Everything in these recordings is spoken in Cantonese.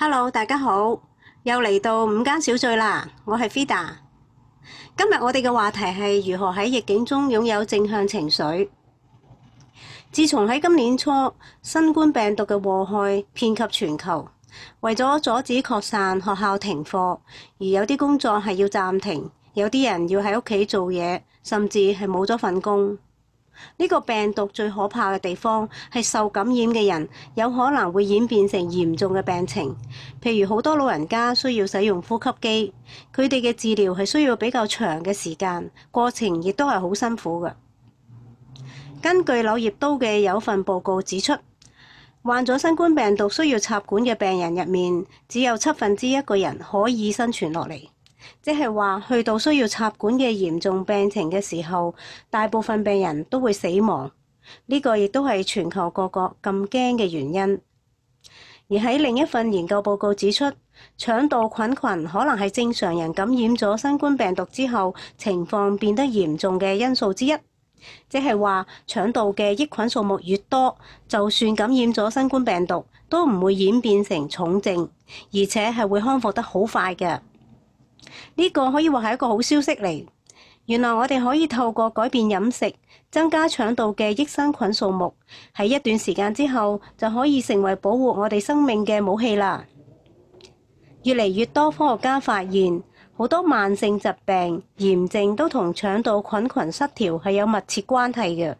Hello，大家好，又嚟到五間小聚啦。我係 Fida，今日我哋嘅話題係如何喺逆境中擁有正向情緒。自從喺今年初新冠病毒嘅禍害遍及全球，為咗阻止擴散，學校停課，而有啲工作係要暫停，有啲人要喺屋企做嘢，甚至係冇咗份工。呢個病毒最可怕嘅地方係受感染嘅人有可能會演變成嚴重嘅病情，譬如好多老人家需要使用呼吸機，佢哋嘅治療係需要比較長嘅時間，過程亦都係好辛苦嘅。根據柳葉刀嘅有份報告指出，患咗新冠病毒需要插管嘅病人入面，只有七分之一個人可以生存落嚟。即係話去到需要插管嘅嚴重病情嘅時候，大部分病人都會死亡。呢個亦都係全球各國咁驚嘅原因。而喺另一份研究報告指出，腸道菌群可能係正常人感染咗新冠病毒之後情況變得嚴重嘅因素之一。即係話，腸道嘅益菌數目越多，就算感染咗新冠病毒，都唔會演變成重症，而且係會康復得好快嘅。呢個可以話係一個好消息嚟。原來我哋可以透過改變飲食，增加腸道嘅益生菌數目，喺一段時間之後就可以成為保護我哋生命嘅武器啦。越嚟越多科學家發現，好多慢性疾病、炎症都同腸道菌群失調係有密切關係嘅。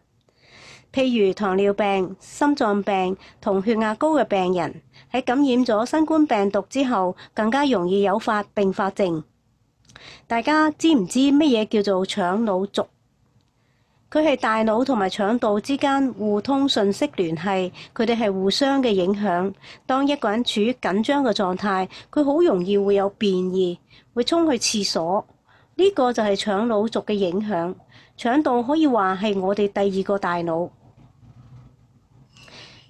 譬如糖尿病、心臟病同血壓高嘅病人，喺感染咗新冠病毒之後，更加容易誘發併發症。大家知唔知乜嘢叫做腸腦族？佢係大腦同埋腸道之間互通信息聯繫，佢哋係互相嘅影響。當一個人處於緊張嘅狀態，佢好容易會有便意，會衝去廁所。呢、這個就係腸腦族嘅影響。腸道可以話係我哋第二個大腦。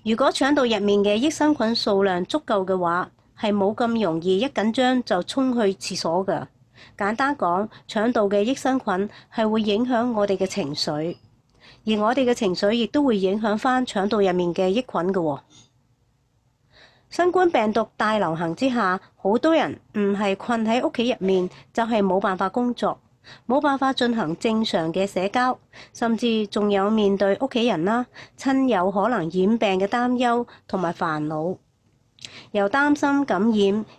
如果腸道入面嘅益生菌數量足夠嘅話，係冇咁容易一緊張就衝去廁所㗎。簡單講，腸道嘅益生菌係會影響我哋嘅情緒，而我哋嘅情緒亦都會影響翻腸道入面嘅益菌嘅。新冠病毒大流行之下，好多人唔係困喺屋企入面，就係冇辦法工作，冇辦法進行正常嘅社交，甚至仲有面對屋企人啦、親友可能染病嘅擔憂同埋煩惱，又擔心感染，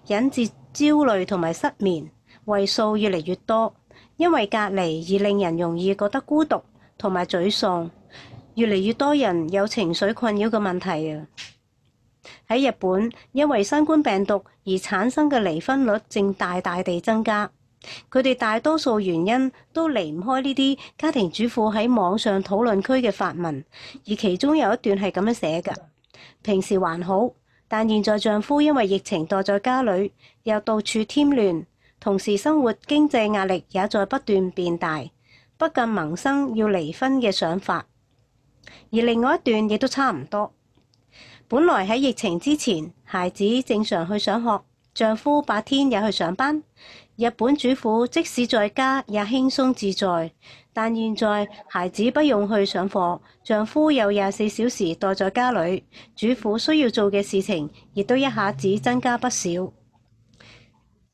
引致焦慮同埋失眠。位數越嚟越多，因為隔離而令人容易覺得孤獨同埋沮喪。越嚟越多人有情緒困擾嘅問題啊！喺日本，因為新冠病毒而產生嘅離婚率正大大地增加。佢哋大多數原因都離唔開呢啲家庭主婦喺網上討論區嘅發文，而其中有一段係咁樣寫㗎：平時還好，但現在丈夫因為疫情待在家裏，又到處添亂。同時，生活經濟壓力也在不斷變大，不禁萌生要離婚嘅想法。而另外一段亦都差唔多，本來喺疫情之前，孩子正常去上學，丈夫白天也去上班，日本主婦即使在家也輕鬆自在。但現在孩子不用去上課，丈夫又廿四小時待在家裏，主婦需要做嘅事情亦都一下子增加不少。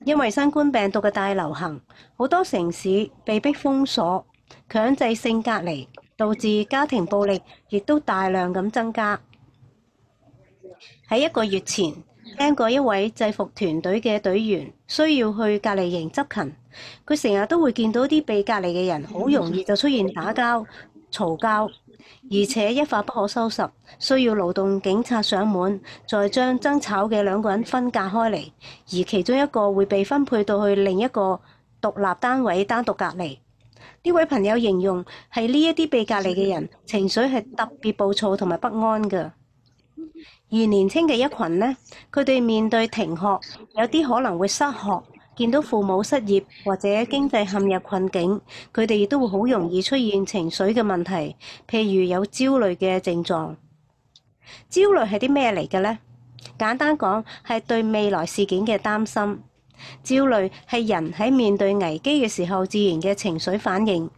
因為新冠病毒嘅大流行，好多城市被迫封鎖、強制性隔離，導致家庭暴力亦都大量咁增加。喺一個月前，聽過一位制服團隊嘅隊員需要去隔離營執勤，佢成日都會見到啲被隔離嘅人，好容易就出現打交、嘈交。而且一發不可收拾，需要勞動警察上門，再將爭吵嘅兩個人分隔開嚟，而其中一個會被分配到去另一個獨立單位單獨隔離。呢位朋友形容係呢一啲被隔離嘅人情緒係特別暴躁同埋不安㗎，而年輕嘅一群呢，佢哋面對停學，有啲可能會失學。見到父母失業或者經濟陷入困境，佢哋亦都會好容易出現情緒嘅問題，譬如有焦慮嘅症狀。焦慮係啲咩嚟嘅呢？簡單講，係對未來事件嘅擔心。焦慮係人喺面對危機嘅時候自然嘅情緒反應，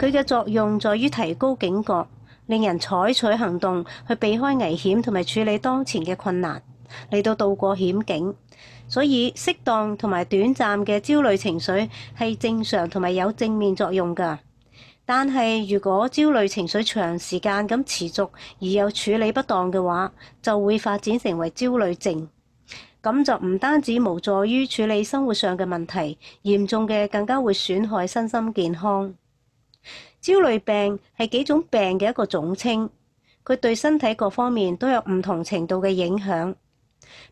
佢嘅作用在於提高警覺，令人採取行動去避開危險同埋處理當前嘅困難，嚟到度過險境。所以適當同埋短暫嘅焦慮情緒係正常同埋有正面作用㗎，但係如果焦慮情緒長時間咁持續而又處理不當嘅話，就會發展成為焦慮症。咁就唔單止無助於處理生活上嘅問題，嚴重嘅更加會損害身心健康。焦慮病係幾種病嘅一個總稱，佢對身體各方面都有唔同程度嘅影響。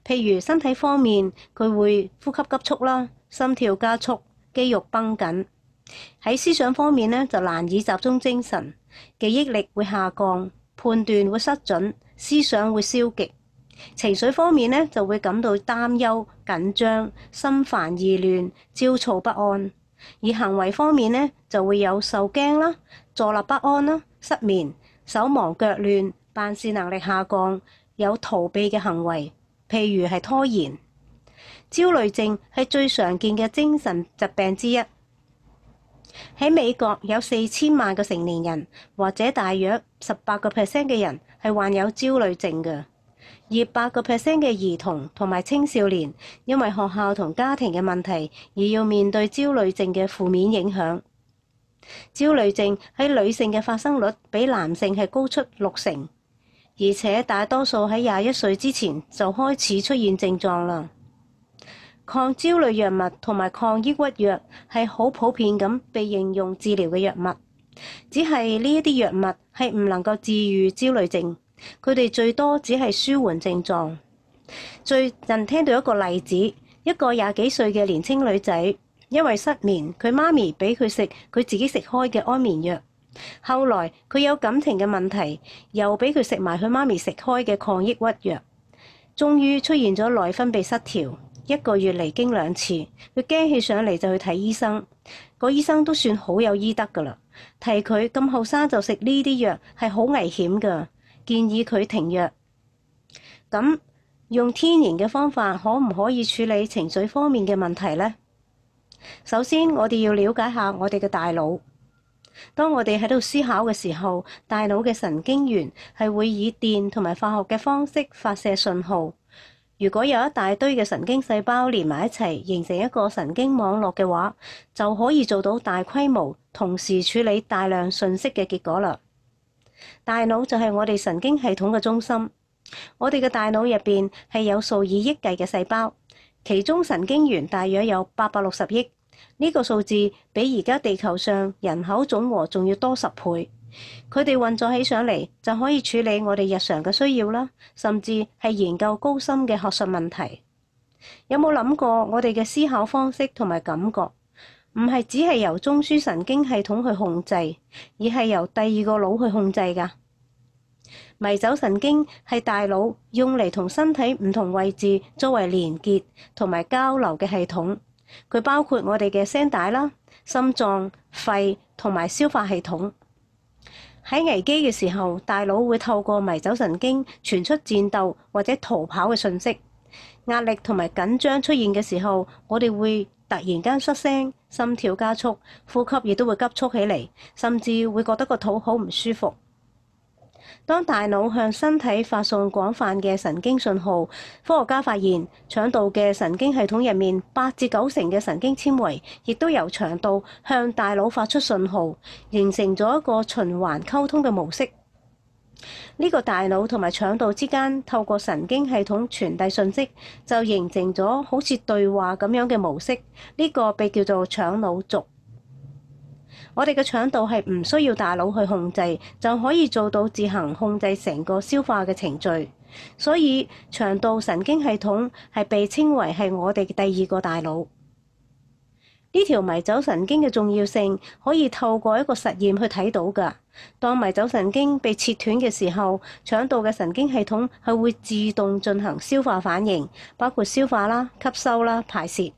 譬如身體方面，佢會呼吸急促啦，心跳加速，肌肉繃緊。喺思想方面呢，就難以集中精神，記憶力會下降，判斷會失準，思想會消極。情緒方面呢，就會感到擔憂、緊張、心煩意亂、焦躁不安。而行為方面呢，就會有受驚啦、坐立不安啦、失眠、手忙腳亂、辦事能力下降、有逃避嘅行為。譬如係拖延。焦慮症係最常見嘅精神疾病之一。喺美國有四千萬個成年人或者大約十八個 percent 嘅人係患有焦慮症嘅，而八個 percent 嘅兒童同埋青少年因為學校同家庭嘅問題而要面對焦慮症嘅負面影響。焦慮症喺女性嘅發生率比男性係高出六成。而且大多數喺廿一歲之前就開始出現症狀啦。抗焦慮藥物同埋抗抑鬱藥係好普遍咁被應用治療嘅藥物，只係呢一啲藥物係唔能夠治癒焦慮症，佢哋最多只係舒緩症狀。最近聽到一個例子，一個廿幾歲嘅年輕女仔因為失眠，佢媽咪俾佢食佢自己食開嘅安眠藥。後來佢有感情嘅問題，又俾佢食埋佢媽咪食開嘅抗抑鬱藥，終於出現咗內分泌失調，一個月嚟經兩次，佢驚起上嚟就去睇醫生。個醫生都算好有醫德噶啦，提佢咁後生就食呢啲藥係好危險噶，建議佢停藥。咁用天然嘅方法可唔可以處理情緒方面嘅問題呢？首先，我哋要了解下我哋嘅大腦。當我哋喺度思考嘅時候，大腦嘅神經元係會以電同埋化學嘅方式發射信號。如果有一大堆嘅神經細胞連埋一齊，形成一個神經網絡嘅話，就可以做到大規模同時處理大量信息嘅結果啦。大腦就係我哋神經系統嘅中心。我哋嘅大腦入邊係有數以億計嘅細胞，其中神經元大約有八百六十億。呢個數字比而家地球上人口總和仲要多十倍，佢哋運作起上嚟，就可以處理我哋日常嘅需要啦，甚至係研究高深嘅學術問題。有冇諗過我哋嘅思考方式同埋感覺，唔係只係由中樞神經系統去控制，而係由第二個腦去控制㗎？迷走神經係大腦用嚟同身體唔同位置作為連結同埋交流嘅系統。佢包括我哋嘅聲帶啦、心臟、肺同埋消化系統。喺危機嘅時候，大腦會透過迷走神經傳出戰鬥或者逃跑嘅訊息。壓力同埋緊張出現嘅時候，我哋會突然間失聲、心跳加速，呼吸亦都會急促起嚟，甚至會覺得個肚好唔舒服。當大腦向身體發送廣泛嘅神經信號，科學家發現腸道嘅神經系統入面，八至九成嘅神經纖維亦都由腸道向大腦發出信號，形成咗一個循環溝通嘅模式。呢、這個大腦同埋腸道之間透過神經系統傳遞信息，就形成咗好似對話咁樣嘅模式。呢、這個被叫做腸腦軸。我哋嘅腸道係唔需要大腦去控制，就可以做到自行控制成個消化嘅程序。所以腸道神經系統係被稱為係我哋嘅第二個大腦。呢條迷走神經嘅重要性可以透過一個實驗去睇到㗎。當迷走神經被切斷嘅時候，腸道嘅神經系統係會自動進行消化反應，包括消化啦、吸收啦、排泄。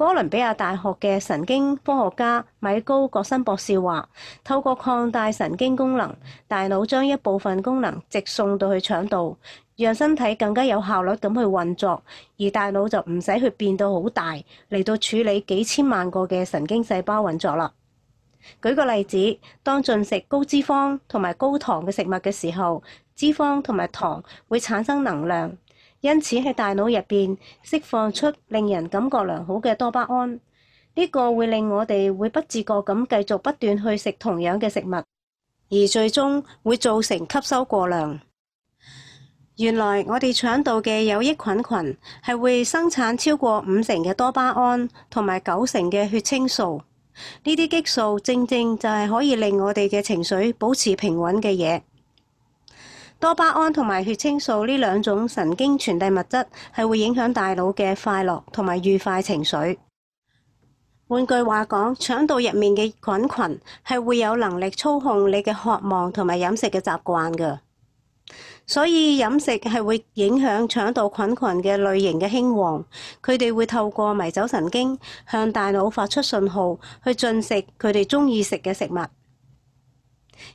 哥倫比亞大學嘅神經科學家米高葛森博士話：透過擴大神經功能，大腦將一部分功能直送到去腸道，讓身體更加有效率咁去運作，而大腦就唔使去變到好大嚟到處理幾千萬個嘅神經細胞運作啦。舉個例子，當進食高脂肪同埋高糖嘅食物嘅時候，脂肪同埋糖會產生能量。因此喺大腦入邊釋放出令人感覺良好嘅多巴胺，呢個會令我哋會不自覺咁繼續不斷去食同樣嘅食物，而最終會造成吸收過量。原來我哋腸道嘅有益菌群係會生產超過五成嘅多巴胺同埋九成嘅血清素，呢啲激素正正就係可以令我哋嘅情緒保持平穩嘅嘢。多巴胺同埋血清素呢兩種神經傳遞物質係會影響大腦嘅快樂同埋愉快情緒。換句話講，腸道入面嘅菌群係會有能力操控你嘅渴望同埋飲食嘅習慣㗎。所以飲食係會影響腸道菌群嘅類型嘅興旺。佢哋會透過迷走神經向大腦發出信號，去進食佢哋鍾意食嘅食物。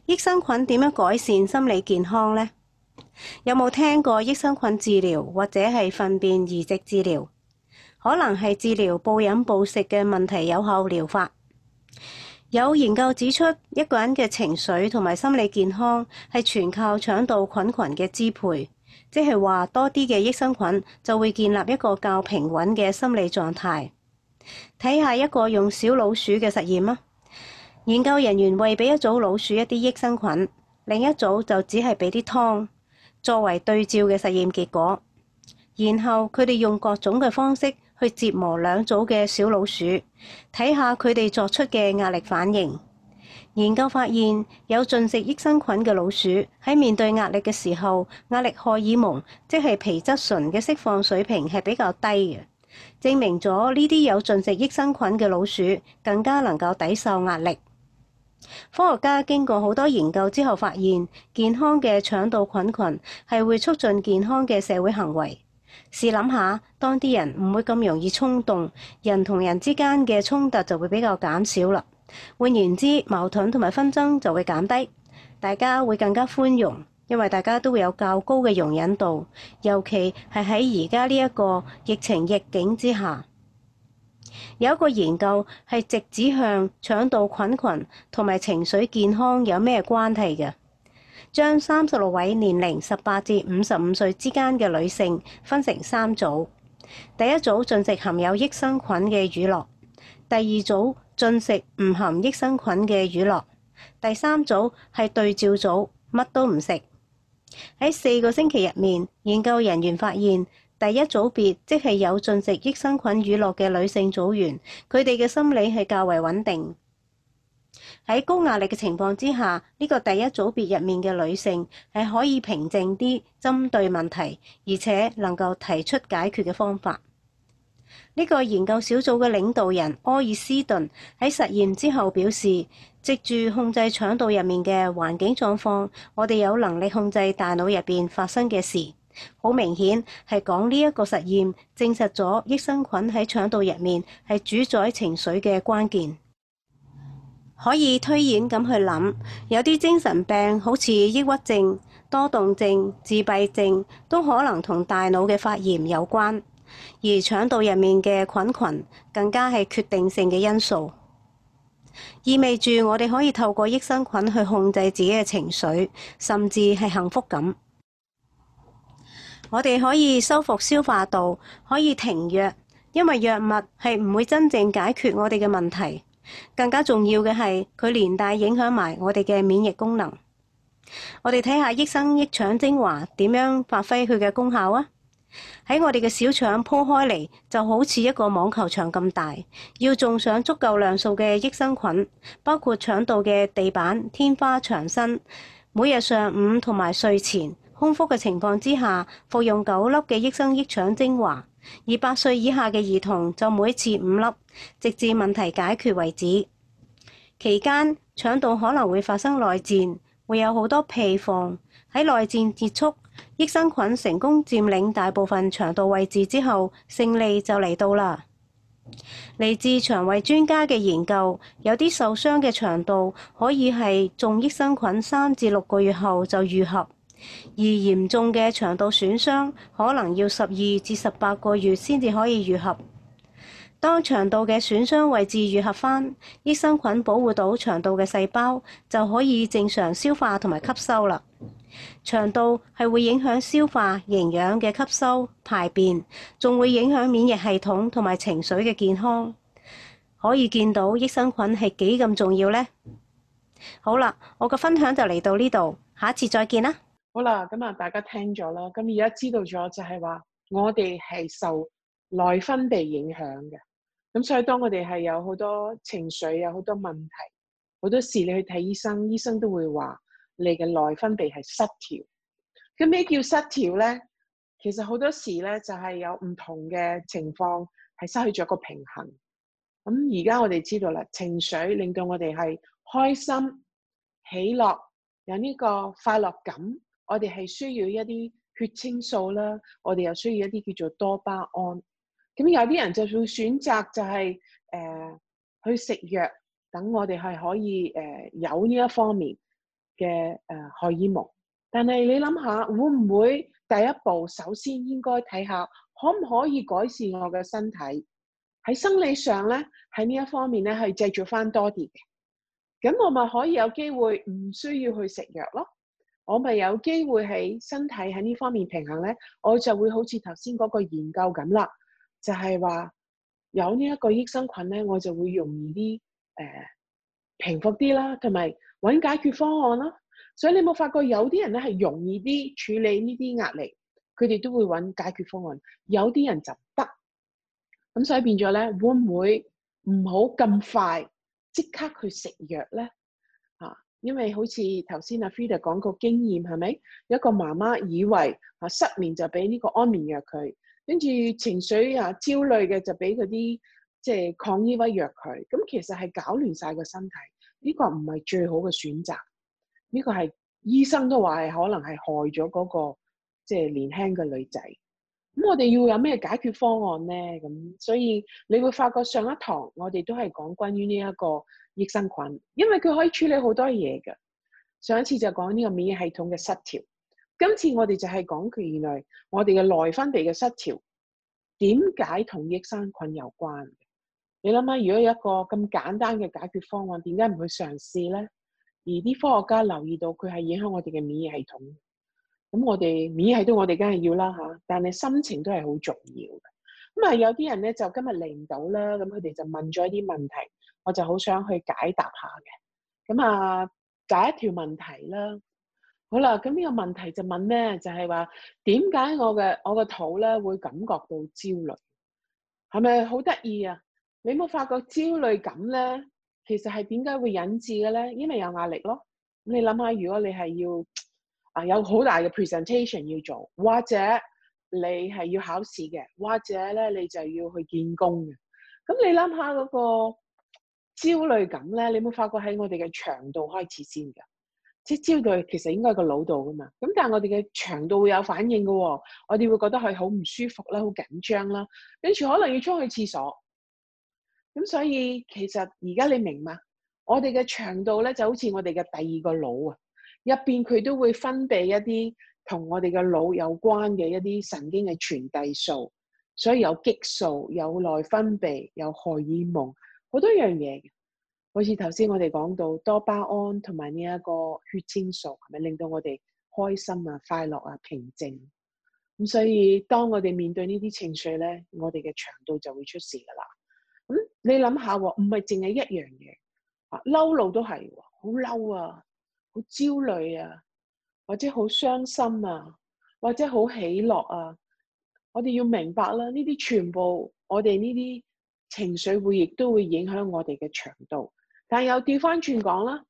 益生菌點樣改善心理健康呢？有冇聽過益生菌治療或者係糞便移植治療？可能係治療暴飲暴食嘅問題有效療法。有研究指出，一個人嘅情緒同埋心理健康係全靠腸道菌群嘅支配，即係話多啲嘅益生菌就會建立一個較平穩嘅心理狀態。睇下一個用小老鼠嘅實驗啊！研究人員餵俾一組老鼠一啲益生菌，另一組就只係畀啲湯作為對照嘅實驗結果。然後佢哋用各種嘅方式去折磨兩組嘅小老鼠，睇下佢哋作出嘅壓力反應。研究發現，有進食益生菌嘅老鼠喺面對壓力嘅時候，壓力荷爾蒙即係皮質醇嘅釋放水平係比較低嘅，證明咗呢啲有進食益生菌嘅老鼠更加能夠抵受壓力。科學家經過好多研究之後，發現健康嘅腸道菌群係會促進健康嘅社會行為。試諗下，當啲人唔會咁容易衝動，人同人之間嘅衝突就會比較減少啦。換言之，矛盾同埋紛爭就會減低，大家會更加寬容，因為大家都會有較高嘅容忍度，尤其係喺而家呢一個疫情逆境之下。有一個研究係直指向腸道菌群同埋情緒健康有咩關係嘅。將三十六位年齡十八至五十五歲之間嘅女性分成三組，第一組進食含有益生菌嘅乳酪，第二組進食唔含益生菌嘅乳酪，第三組係對照組，乜都唔食。喺四個星期入面，研究人員發現，第一組別即係有進食益生菌乳酪嘅女性組員，佢哋嘅心理係較為穩定。喺高壓力嘅情況之下，呢個第一組別入面嘅女性係可以平靜啲，針對問題，而且能夠提出解決嘅方法。呢個研究小組嘅領導人柯爾斯頓喺實驗之後表示，藉住控制腸道入面嘅環境狀況，我哋有能力控制大腦入邊發生嘅事。好明顯係講，呢一個實驗證實咗益生菌喺腸道入面係主宰情緒嘅關鍵，可以推演咁去諗，有啲精神病好似抑鬱症、多動症、自閉症都可能同大腦嘅發炎有關，而腸道入面嘅菌群更加係決定性嘅因素，意味住我哋可以透過益生菌去控制自己嘅情緒，甚至係幸福感。我哋可以修復消化道，可以停藥，因為藥物係唔會真正解決我哋嘅問題。更加重要嘅係，佢連帶影響埋我哋嘅免疫功能。我哋睇下益生益腸精華點樣發揮佢嘅功效啊！喺我哋嘅小腸鋪開嚟，就好似一個網球場咁大，要種上足夠量數嘅益生菌，包括腸道嘅地板、天花、牆身。每日上午同埋睡前，空腹嘅情況之下，服用九粒嘅益生益腸精華，而八歲以下嘅兒童就每次五粒，直至問題解決為止。期間腸道可能會發生內戰，會有好多屁放。喺內戰結束，益生菌成功佔領大部分腸道位置之後，勝利就嚟到啦。嚟自腸胃專家嘅研究，有啲受傷嘅腸道可以係種益生菌三至六個月後就愈合。而嚴重嘅腸道損傷可能要十二至十八個月先至可以愈合。當腸道嘅損傷位置愈合返，益生菌保護到腸道嘅細胞，就可以正常消化同埋吸收啦。腸道係會影響消化、營養嘅吸收、排便，仲會影響免疫系統同埋情緒嘅健康。可以見到益生菌係幾咁重要呢？好啦，我嘅分享就嚟到呢度，下一次再見啦。好啦，咁啊，大家聽咗啦，咁而家知道咗就係話，我哋係受內分泌影響嘅，咁所以當我哋係有好多情緒、有好多問題、好多時，你去睇醫生，醫生都會話你嘅內分泌係失調。咁咩叫失調咧？其實好多時咧，就係有唔同嘅情況係失去咗個平衡。咁而家我哋知道啦，情緒令到我哋係開心、喜樂、有呢個快樂感。我哋係需要一啲血清素啦，我哋又需要一啲叫做多巴胺。咁有啲人就會選擇就係、是、誒、呃、去食藥，等我哋係可以誒、呃、有呢一方面嘅誒、呃、荷爾蒙。但係你諗下，會唔會第一步首先應該睇下可唔可以改善我嘅身體？喺生理上咧，喺呢一方面咧，係製造翻多啲嘅。咁我咪可以有機會唔需要去食藥咯。我咪有機會喺身體喺呢方面平衡咧，我就會好似頭先嗰個研究咁啦，就係話有呢一個益生菌咧，我就會容易啲誒平復啲啦，同埋揾解決方案啦。所以你冇發覺有啲人咧係容易啲處理呢啲壓力，佢哋都會揾解決方案；有啲人就得。咁，所以變咗咧會唔會唔好咁快即刻去食藥咧？因為好似頭先阿 Frida 講個經驗係咪？一個媽媽以為啊失眠就俾呢個安眠藥佢，跟住情緒啊焦慮嘅就俾嗰啲即係抗抑鬱藥佢，咁其實係搞亂晒個身體，呢個唔係最好嘅選擇。呢個係醫生都話係可能係害咗嗰個即係年輕嘅女仔。咁我哋要有咩解決方案咧？咁所以你會發覺上一堂我哋都係講關於呢一個。益生菌，因為佢可以處理好多嘢嘅。上一次就講呢個免疫系統嘅失調，今次我哋就係講佢原來我哋嘅內分泌嘅失調，點解同益生菌有關？你諗下，如果有一個咁簡單嘅解決方案，點解唔去嘗試咧？而啲科學家留意到佢係影響我哋嘅免疫系統，咁我哋免疫系統我哋梗係要啦吓，但係心情都係好重要嘅。咁啊、嗯，有啲人咧就今日嚟唔到啦，咁佢哋就問咗一啲問題，我就好想去解答下嘅。咁、嗯、啊，第一條問題啦，好啦，咁、嗯、呢、這個問題就問咩？就係話點解我嘅我個肚咧會感覺到焦慮？係咪好得意啊？你冇發覺焦慮感咧？其實係點解會引致嘅咧？因為有壓力咯。咁你諗下，如果你係要啊、呃、有好大嘅 presentation 要做，或者……你係要考試嘅，或者咧你就要去見工嘅。咁你諗下嗰個焦慮感咧，你有冇發覺喺我哋嘅腸度開始先㗎？即係焦慮其實應該喺個腦度㗎嘛。咁但係我哋嘅腸度會有反應嘅喎、哦，我哋會覺得佢好唔舒服啦，好緊張啦，跟住可能要出去廁所。咁所以其實而家你明嘛？我哋嘅腸度咧就好似我哋嘅第二個腦啊，入邊佢都會分泌一啲。同我哋嘅腦有關嘅一啲神經嘅傳遞素，所以有激素，有內分泌、有荷爾蒙，好多樣嘢嘅。好似頭先我哋講到多巴胺同埋呢一個血清素，係咪令到我哋開心啊，快樂啊，平靜？咁所以當我哋面對呢啲情緒咧，我哋嘅腸道就會出事噶啦。咁、嗯、你諗下，唔係淨係一樣嘢，啊，嬲怒都係，好嬲啊，好焦慮啊。或者好傷心啊，或者好喜樂啊，我哋要明白啦，呢啲全部我哋呢啲情緒會亦都會影響我哋嘅腸道。但又調翻轉講啦，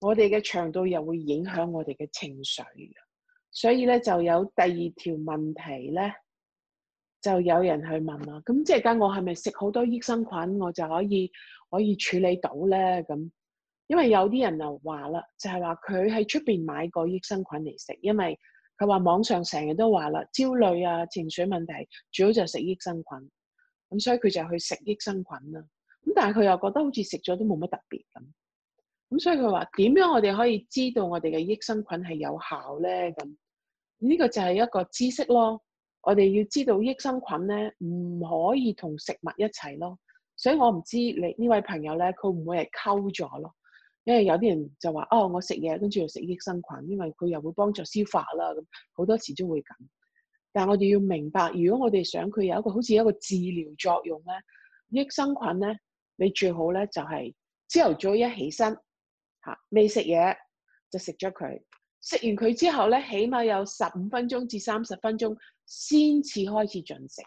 我哋嘅腸道又會影響我哋嘅情緒。所以咧就有第二條問題咧，就有人去問啦，咁即係講我係咪食好多益生菌，我就可以可以處理到咧咁？因為有啲人啊話啦，就係話佢喺出邊買過益生菌嚟食，因為佢話網上成日都話啦，焦慮啊、情緒問題主要就係食益生菌，咁所以佢就去食益生菌啦。咁但係佢又覺得好似食咗都冇乜特別咁，咁所以佢話點樣我哋可以知道我哋嘅益生菌係有效咧？咁呢個就係一個知識咯。我哋要知道益生菌咧唔可以同食物一齊咯，所以我唔知你呢位朋友咧佢唔會係溝咗咯。因為有啲人就話哦，我食嘢跟住又食益生菌，因為佢又會幫助消化啦。咁好多時都會咁。但係我哋要明白，如果我哋想佢有一個好似一個治療作用咧，益生菌咧，你最好咧就係朝頭早一起身嚇未食嘢就食咗佢，食完佢之後咧，起碼有十五分鐘至三十分鐘先至開始進食，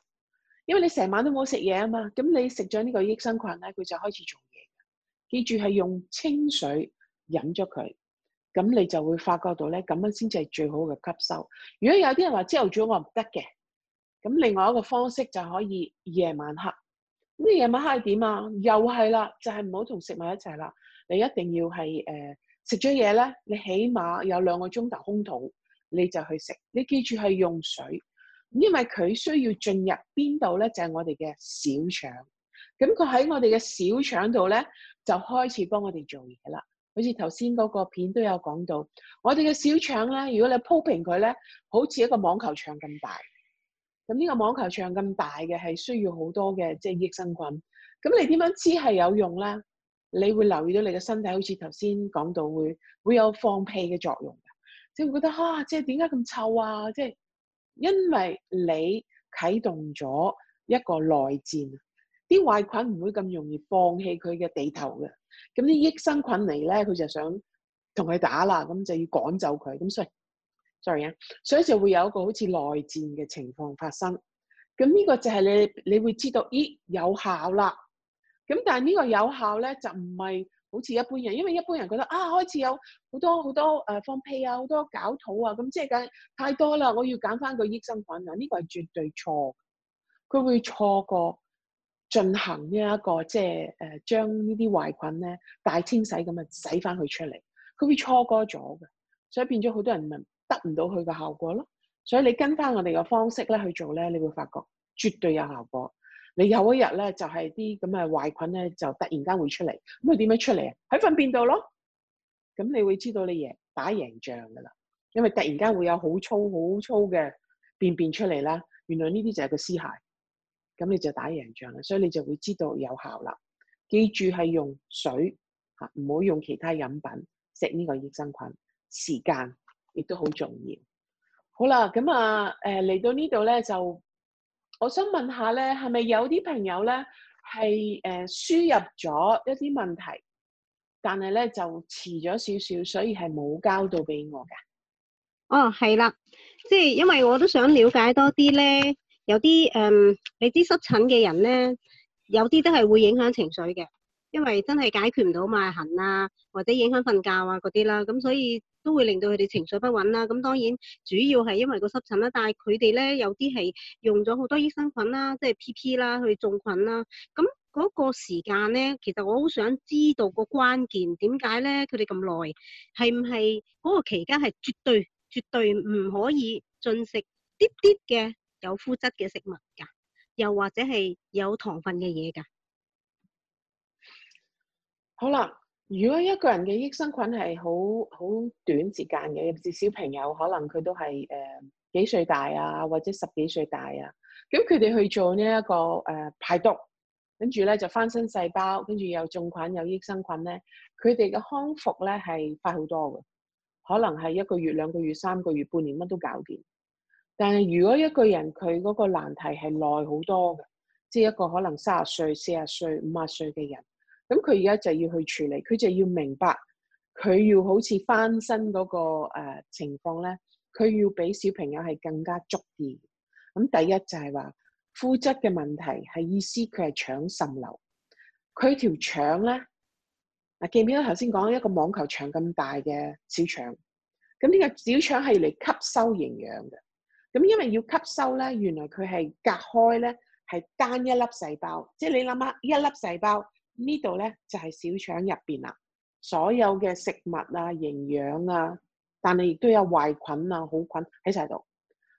因為你成晚都冇食嘢啊嘛。咁你食咗呢個益生菌咧，佢就開始做。記住係用清水飲咗佢，咁你就會發覺到咧，咁樣先至係最好嘅吸收。如果有啲人話朝頭早我唔得嘅，咁另外一個方式就可以夜晚黑。咁夜晚黑係點啊？又係啦，就係唔好同食物一齊啦。你一定要係誒食咗嘢咧，你起碼有兩個鐘頭空肚，你就去食。你記住係用水，因為佢需要進入邊度咧，就係我哋嘅小腸。咁佢喺我哋嘅小腸度咧，就開始幫我哋做嘢啦。好似頭先嗰個片都有講到，我哋嘅小腸咧，如果你鋪平佢咧，好似一個網球場咁大。咁呢個網球場咁大嘅係需要好多嘅即係益生菌。咁你點樣知係有用咧？你會留意到你嘅身體好似頭先講到會會有放屁嘅作用，即係會覺得啊，即係點解咁臭啊？即係因為你啟動咗一個內戰。啲壞菌唔會咁容易放棄佢嘅地頭嘅，咁啲益生菌嚟咧，佢就想同佢打啦，咁就要趕走佢，咁所以，sorry 啊，所以就會有一個好似內戰嘅情況發生。咁呢個就係你，你會知道，咦，有效啦。咁但係呢個有效咧，就唔係好似一般人，因為一般人覺得啊，開始有好多好多誒、呃、放屁啊，好多搞肚啊，咁即係揀太多啦，我要揀翻個益生菌啊，呢個係絕對錯，佢會錯過。進行呢一個即係誒、呃，將呢啲壞菌咧大清洗咁啊，洗翻佢出嚟，佢會錯過咗嘅，所以變咗好多人得唔到佢個效果咯。所以你跟翻我哋個方式咧去做咧，你會發覺絕對有效果。你有一日咧，就係啲咁嘅壞菌咧，就突然間會出嚟。咁佢點樣出嚟啊？喺糞便度咯。咁你會知道你贏打贏仗噶啦，因為突然間會有好粗好粗嘅便便出嚟啦。原來呢啲就係個屍骸。咁你就打贏仗啦，所以你就會知道有效啦。記住係用水吓，唔、啊、好用其他飲品食呢個益生菌。時間亦都好重要。好啦，咁啊，誒、呃、嚟到呢度咧，就我想問下咧，係咪有啲朋友咧係誒輸入咗一啲問題，但係咧就遲咗少少，所以係冇交到俾我噶。哦，係啦，即係因為我都想了解多啲咧。有啲誒、嗯，你知濕疹嘅人咧，有啲都係會影響情緒嘅，因為真係解決唔到嘛痕啊，或者影響瞓覺啊嗰啲啦，咁所以都會令到佢哋情緒不穩啦。咁當然主要係因為個濕疹啦，但係佢哋咧有啲係用咗好多益生菌啦，即係 PP 啦去種菌啦。咁嗰個時間咧，其實我好想知道個關鍵點解咧，佢哋咁耐係唔係嗰個期間係絕對絕對唔可以進食啲啲嘅。叮叮叮有膚質嘅食物噶，又或者係有糖分嘅嘢噶。好啦，如果一個人嘅益生菌係好好短時間嘅，甚至小朋友可能佢都係誒、呃、幾歲大啊，或者十幾歲大啊，咁佢哋去做呢、這、一個誒、呃、排毒，跟住咧就翻身細胞，跟住又種菌有益生菌咧，佢哋嘅康復咧係快好多嘅，可能係一個月、兩個月、三個月、半年乜都搞掂。但係如果一個人佢嗰個難題係耐好多嘅，即係一個可能三十歲、四十歲、五十歲嘅人，咁佢而家就要去處理，佢就要明白佢要好似翻身嗰、那個、呃、情況咧，佢要比小朋友係更加足意。咁第一就係話膚質嘅問題，係意思佢係腸滲流，佢條腸咧嗱、啊，記唔記得頭先講一個網球場咁大嘅小腸，咁呢個小腸係嚟吸收營養嘅。咁因為要吸收咧，原來佢係隔開咧，係單一粒細胞，即係你諗下一粒細胞呢度咧就係小腸入邊啦，所有嘅食物啊、營養啊，但係亦都有壞菌啊、好菌喺晒度，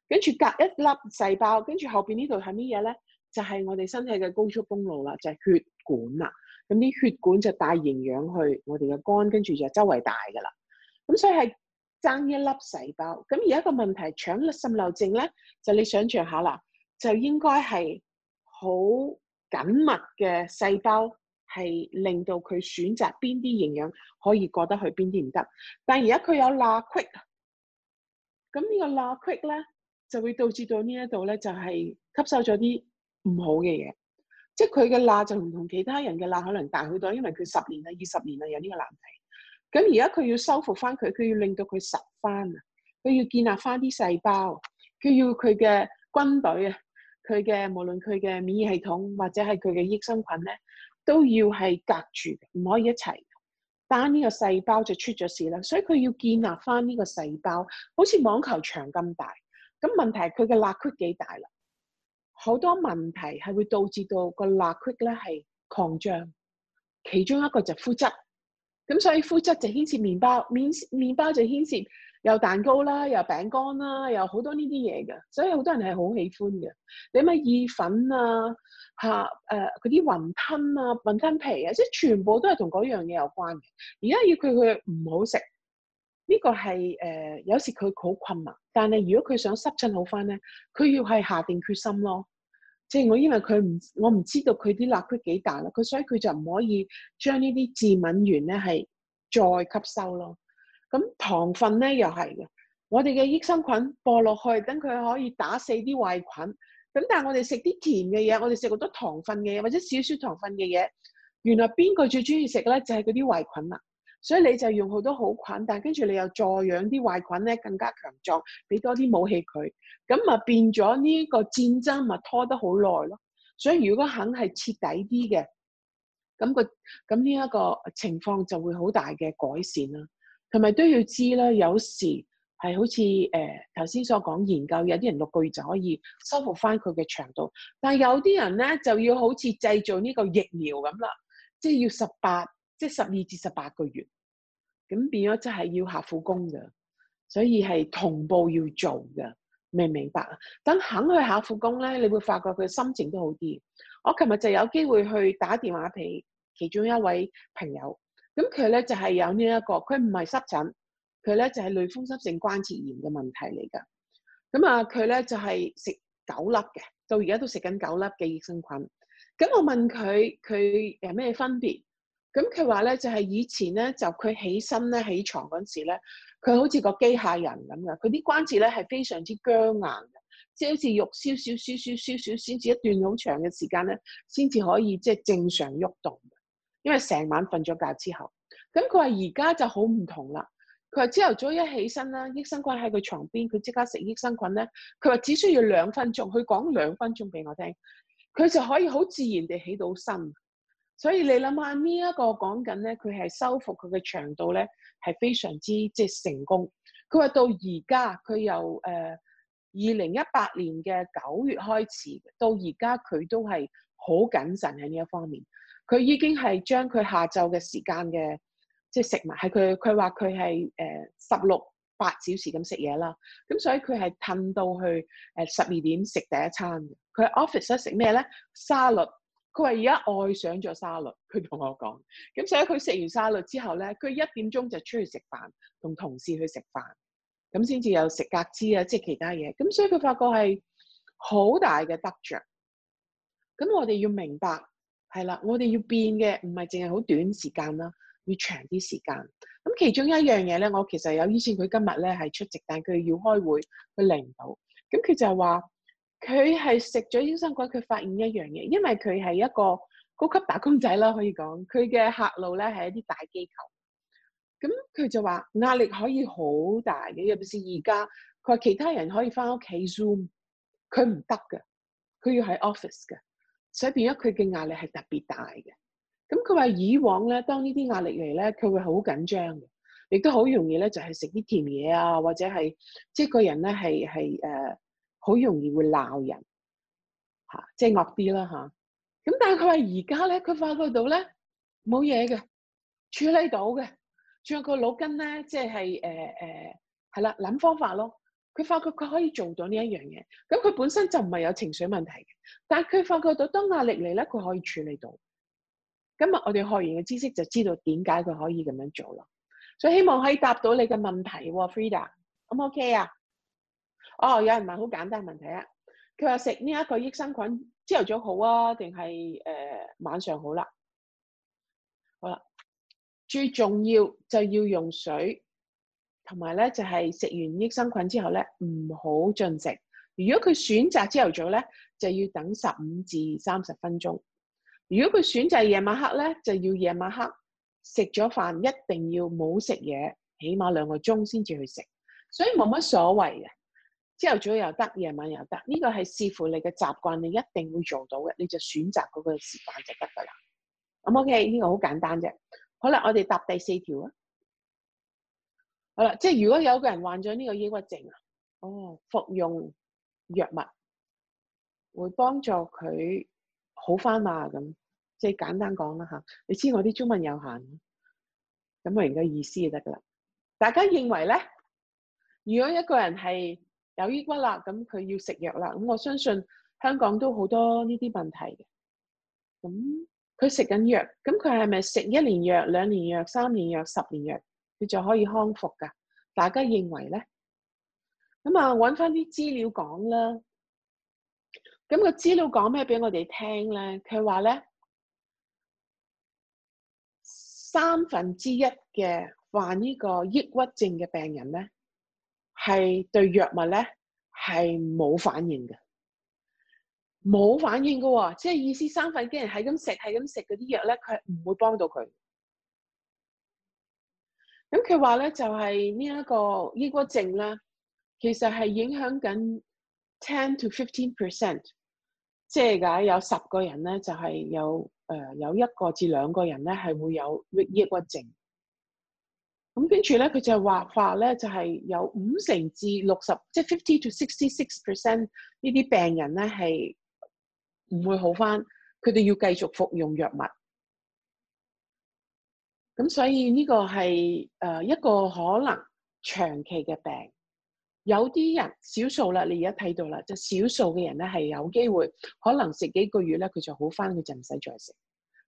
跟住隔一粒細胞，跟住後邊呢度係乜嘢咧？就係、是、我哋身體嘅高速公路啦，就係、是、血管啦。咁啲血管就帶營養去我哋嘅肝，跟住就周圍大噶啦。咁所以係。爭一粒細胞，咁而家個問題，搶滲漏症咧，就你想象下啦，就應該係好緊密嘅細胞，係令到佢選擇邊啲營養可以過得去，邊啲唔得。但而家佢有罅隙，咁呢個罅隙咧，就會導致到呢一度咧，就係、是、吸收咗啲唔好嘅嘢，即係佢嘅罅就唔同其他人嘅罅可能大好多，因為佢十年啊、二十年啊有呢個難題。咁而家佢要修復翻佢，佢要令到佢實翻，佢要建立翻啲細胞，佢要佢嘅軍隊啊，佢嘅無論佢嘅免疫系統或者係佢嘅益生菌咧，都要係隔住，唔可以一齊。但呢個細胞就出咗事啦，所以佢要建立翻呢個細胞，好似網球場咁大。咁問題係佢嘅罅隙幾大啦，好多問題係會導致到個罅隙咧係狂脹，其中一個就膚質。咁所以麩質就牽涉麵包，麵麵包就牽涉有蛋糕啦，又餅乾啦，又好多呢啲嘢嘅。所以好多人係好喜歡嘅。你咪意粉啊，嚇誒啲雲吞啊，雲吞皮啊，即係全部都係同嗰樣嘢有關嘅。而家要佢佢唔好食，呢、這個係誒、呃、有時佢好困難。但係如果佢想濕疹好返咧，佢要係下定決心咯。即係我因為佢唔，我唔知道佢啲壓力幾大啦，佢所以佢就唔可以將呢啲致敏原咧係再吸收咯。咁糖分咧又係嘅，我哋嘅益生菌播落去，等佢可以打死啲壞菌。咁但係我哋食啲甜嘅嘢，我哋食好多糖分嘅嘢，或者少少糖分嘅嘢，原來邊個最中意食嘅咧？就係嗰啲壞菌啦。所以你就用好多好菌，但係跟住你又助養啲壞菌咧，更加強壯，俾多啲武器佢，咁咪變咗呢一個戰爭咪拖得好耐咯。所以如果肯係徹底啲嘅，咁、個咁呢一個情況就會好大嘅改善啦。同埋都要知啦，有時係好似誒頭先所講，研究有啲人六個月就可以修復翻佢嘅長度，但係有啲人咧就要好似製造呢個疫苗咁啦，即係要十八。即係十二至十八個月，咁變咗即係要下苦功嘅，所以係同步要做嘅，明唔明白啊？等肯去下苦功咧，你會發覺佢心情都好啲。我琴日就有機會去打電話俾其中一位朋友，咁佢咧就係有呢一個，佢唔係濕疹，佢咧就係類風濕性關節炎嘅問題嚟噶咁啊，佢咧就係食九粒嘅，到而家都食緊九粒嘅益生菌。咁我問佢，佢有咩分別？咁佢話咧，就係以前咧，就佢起身咧，起床嗰陣時咧，佢好似個機械人咁嘅，佢啲關節咧係非常之僵硬嘅，即係好似喐少少少少少少先至一段好長嘅時間咧，先至可以即係正常喐動。因為成晚瞓咗覺之後，咁佢話而家就好唔同啦。佢話朝頭早一起身啦，益生菌喺佢床邊，佢即刻食益生菌咧。佢話只需要兩分鐘，佢講兩分鐘俾我聽，佢就可以好自然地起到身。所以你諗下呢一個講緊咧，佢係修復佢嘅腸道咧，係非常之即係成功。佢話到而家佢由誒二零一八年嘅九月開始，到而家佢都係好謹慎喺呢一方面。佢已經係將佢下晝嘅時間嘅即係食物，係佢佢話佢係誒十六八小時咁食嘢啦。咁、嗯、所以佢係褪到去誒十二點食第一餐。佢 office 咧食咩咧？沙律。佢話而家愛上咗沙律，佢同我講。咁所以佢食完沙律之後咧，佢一點鐘就出去食飯，同同事去食飯，咁先至有食格子啊，即係其他嘢。咁所以佢發覺係好大嘅得着。咁我哋要明白，係啦，我哋要變嘅，唔係淨係好短時間啦，要長啲時間。咁其中一樣嘢咧，我其實有邀請佢今日咧係出席，但佢要開會，佢嚟唔到。咁佢就係話。佢係食咗醫生鬼，佢發現一樣嘢，因為佢係一個高級打工仔啦，可以講佢嘅客路咧係一啲大機構。咁佢就話壓力可以好大嘅，尤其是而家佢話其他人可以翻屋企 Zoom，佢唔得㗎，佢要喺 office 㗎，所以變咗佢嘅壓力係特別大嘅。咁佢話以往咧，當呢啲壓力嚟咧，佢會好緊張嘅，亦都好容易咧就係食啲甜嘢啊，或者係即係個人咧係係誒。好容易會鬧人，嚇、啊，即係惡啲啦嚇。咁、啊、但係佢話而家咧，佢發覺到咧冇嘢嘅，處理到嘅，仲有個腦筋咧，即係誒誒，係、呃、啦，諗、呃、方法咯。佢發覺佢可以做到呢一樣嘢。咁佢本身就唔係有情緒問題嘅，但係佢發覺到當壓力嚟咧，佢可以處理到。咁啊，我哋學完嘅知識就知道點解佢可以咁樣做咯。所以希望可以答到你嘅問題，Frida，O 唔 OK 啊？哦，有人問好簡單問題啊！佢話食呢一個益生菌朝頭早好啊，定係誒晚上好啦、啊？好啦，最重要就要用水，同埋咧就係、是、食完益生菌之後咧唔好進食。如果佢選擇朝頭早咧，就要等十五至三十分鐘；如果佢選擇夜晚黑咧，就要夜晚黑食咗飯一定要冇食嘢，起碼兩個鐘先至去食。所以冇乜所謂嘅。朝早又得，夜晚又得，呢個係視乎你嘅習慣，你一定會做到嘅，你就選擇嗰個時間就得噶啦。咁 OK，呢個好簡單啫。好啦，我哋答第四條啊。好啦，即係如果有個人患咗呢個抑鬱症啊，哦，服用藥物會幫助佢好翻嘛？咁即係簡單講啦嚇。你知我啲中文有限，咁明個意思就得噶啦。大家認為咧，如果一個人係，有抑鬱啦，咁佢要食藥啦。咁我相信香港都好多呢啲問題嘅。咁佢食緊藥，咁佢係咪食一年藥、兩年藥、三年藥、十年藥，佢就可以康復噶？大家認為咧？咁啊，揾翻啲資料講啦。咁個資料講咩俾我哋聽咧？佢話咧，三分之一嘅患呢個抑鬱症嘅病人咧。係對藥物咧係冇反應嘅，冇反應嘅喎、哦，即係意思三份啲人係咁食係咁食嗰啲藥咧，佢係唔會幫到佢。咁佢話咧就係、是這個、呢一個抑鬱症啦，其實係影響緊 ten to fifteen percent，即係解有十個人咧就係、是、有誒、呃、有一個至兩個人咧係會有抑鬱症。咁跟住咧，佢就係話法咧就係有五成至六十，即係 fifty to sixty six percent 呢啲病人咧係唔會好翻，佢哋要繼續服用藥物。咁所以呢個係誒一個可能長期嘅病。有啲人少數啦，你而家睇到啦，就少數嘅人咧係有機會，可能食幾個月咧佢就好翻，佢就唔使再食。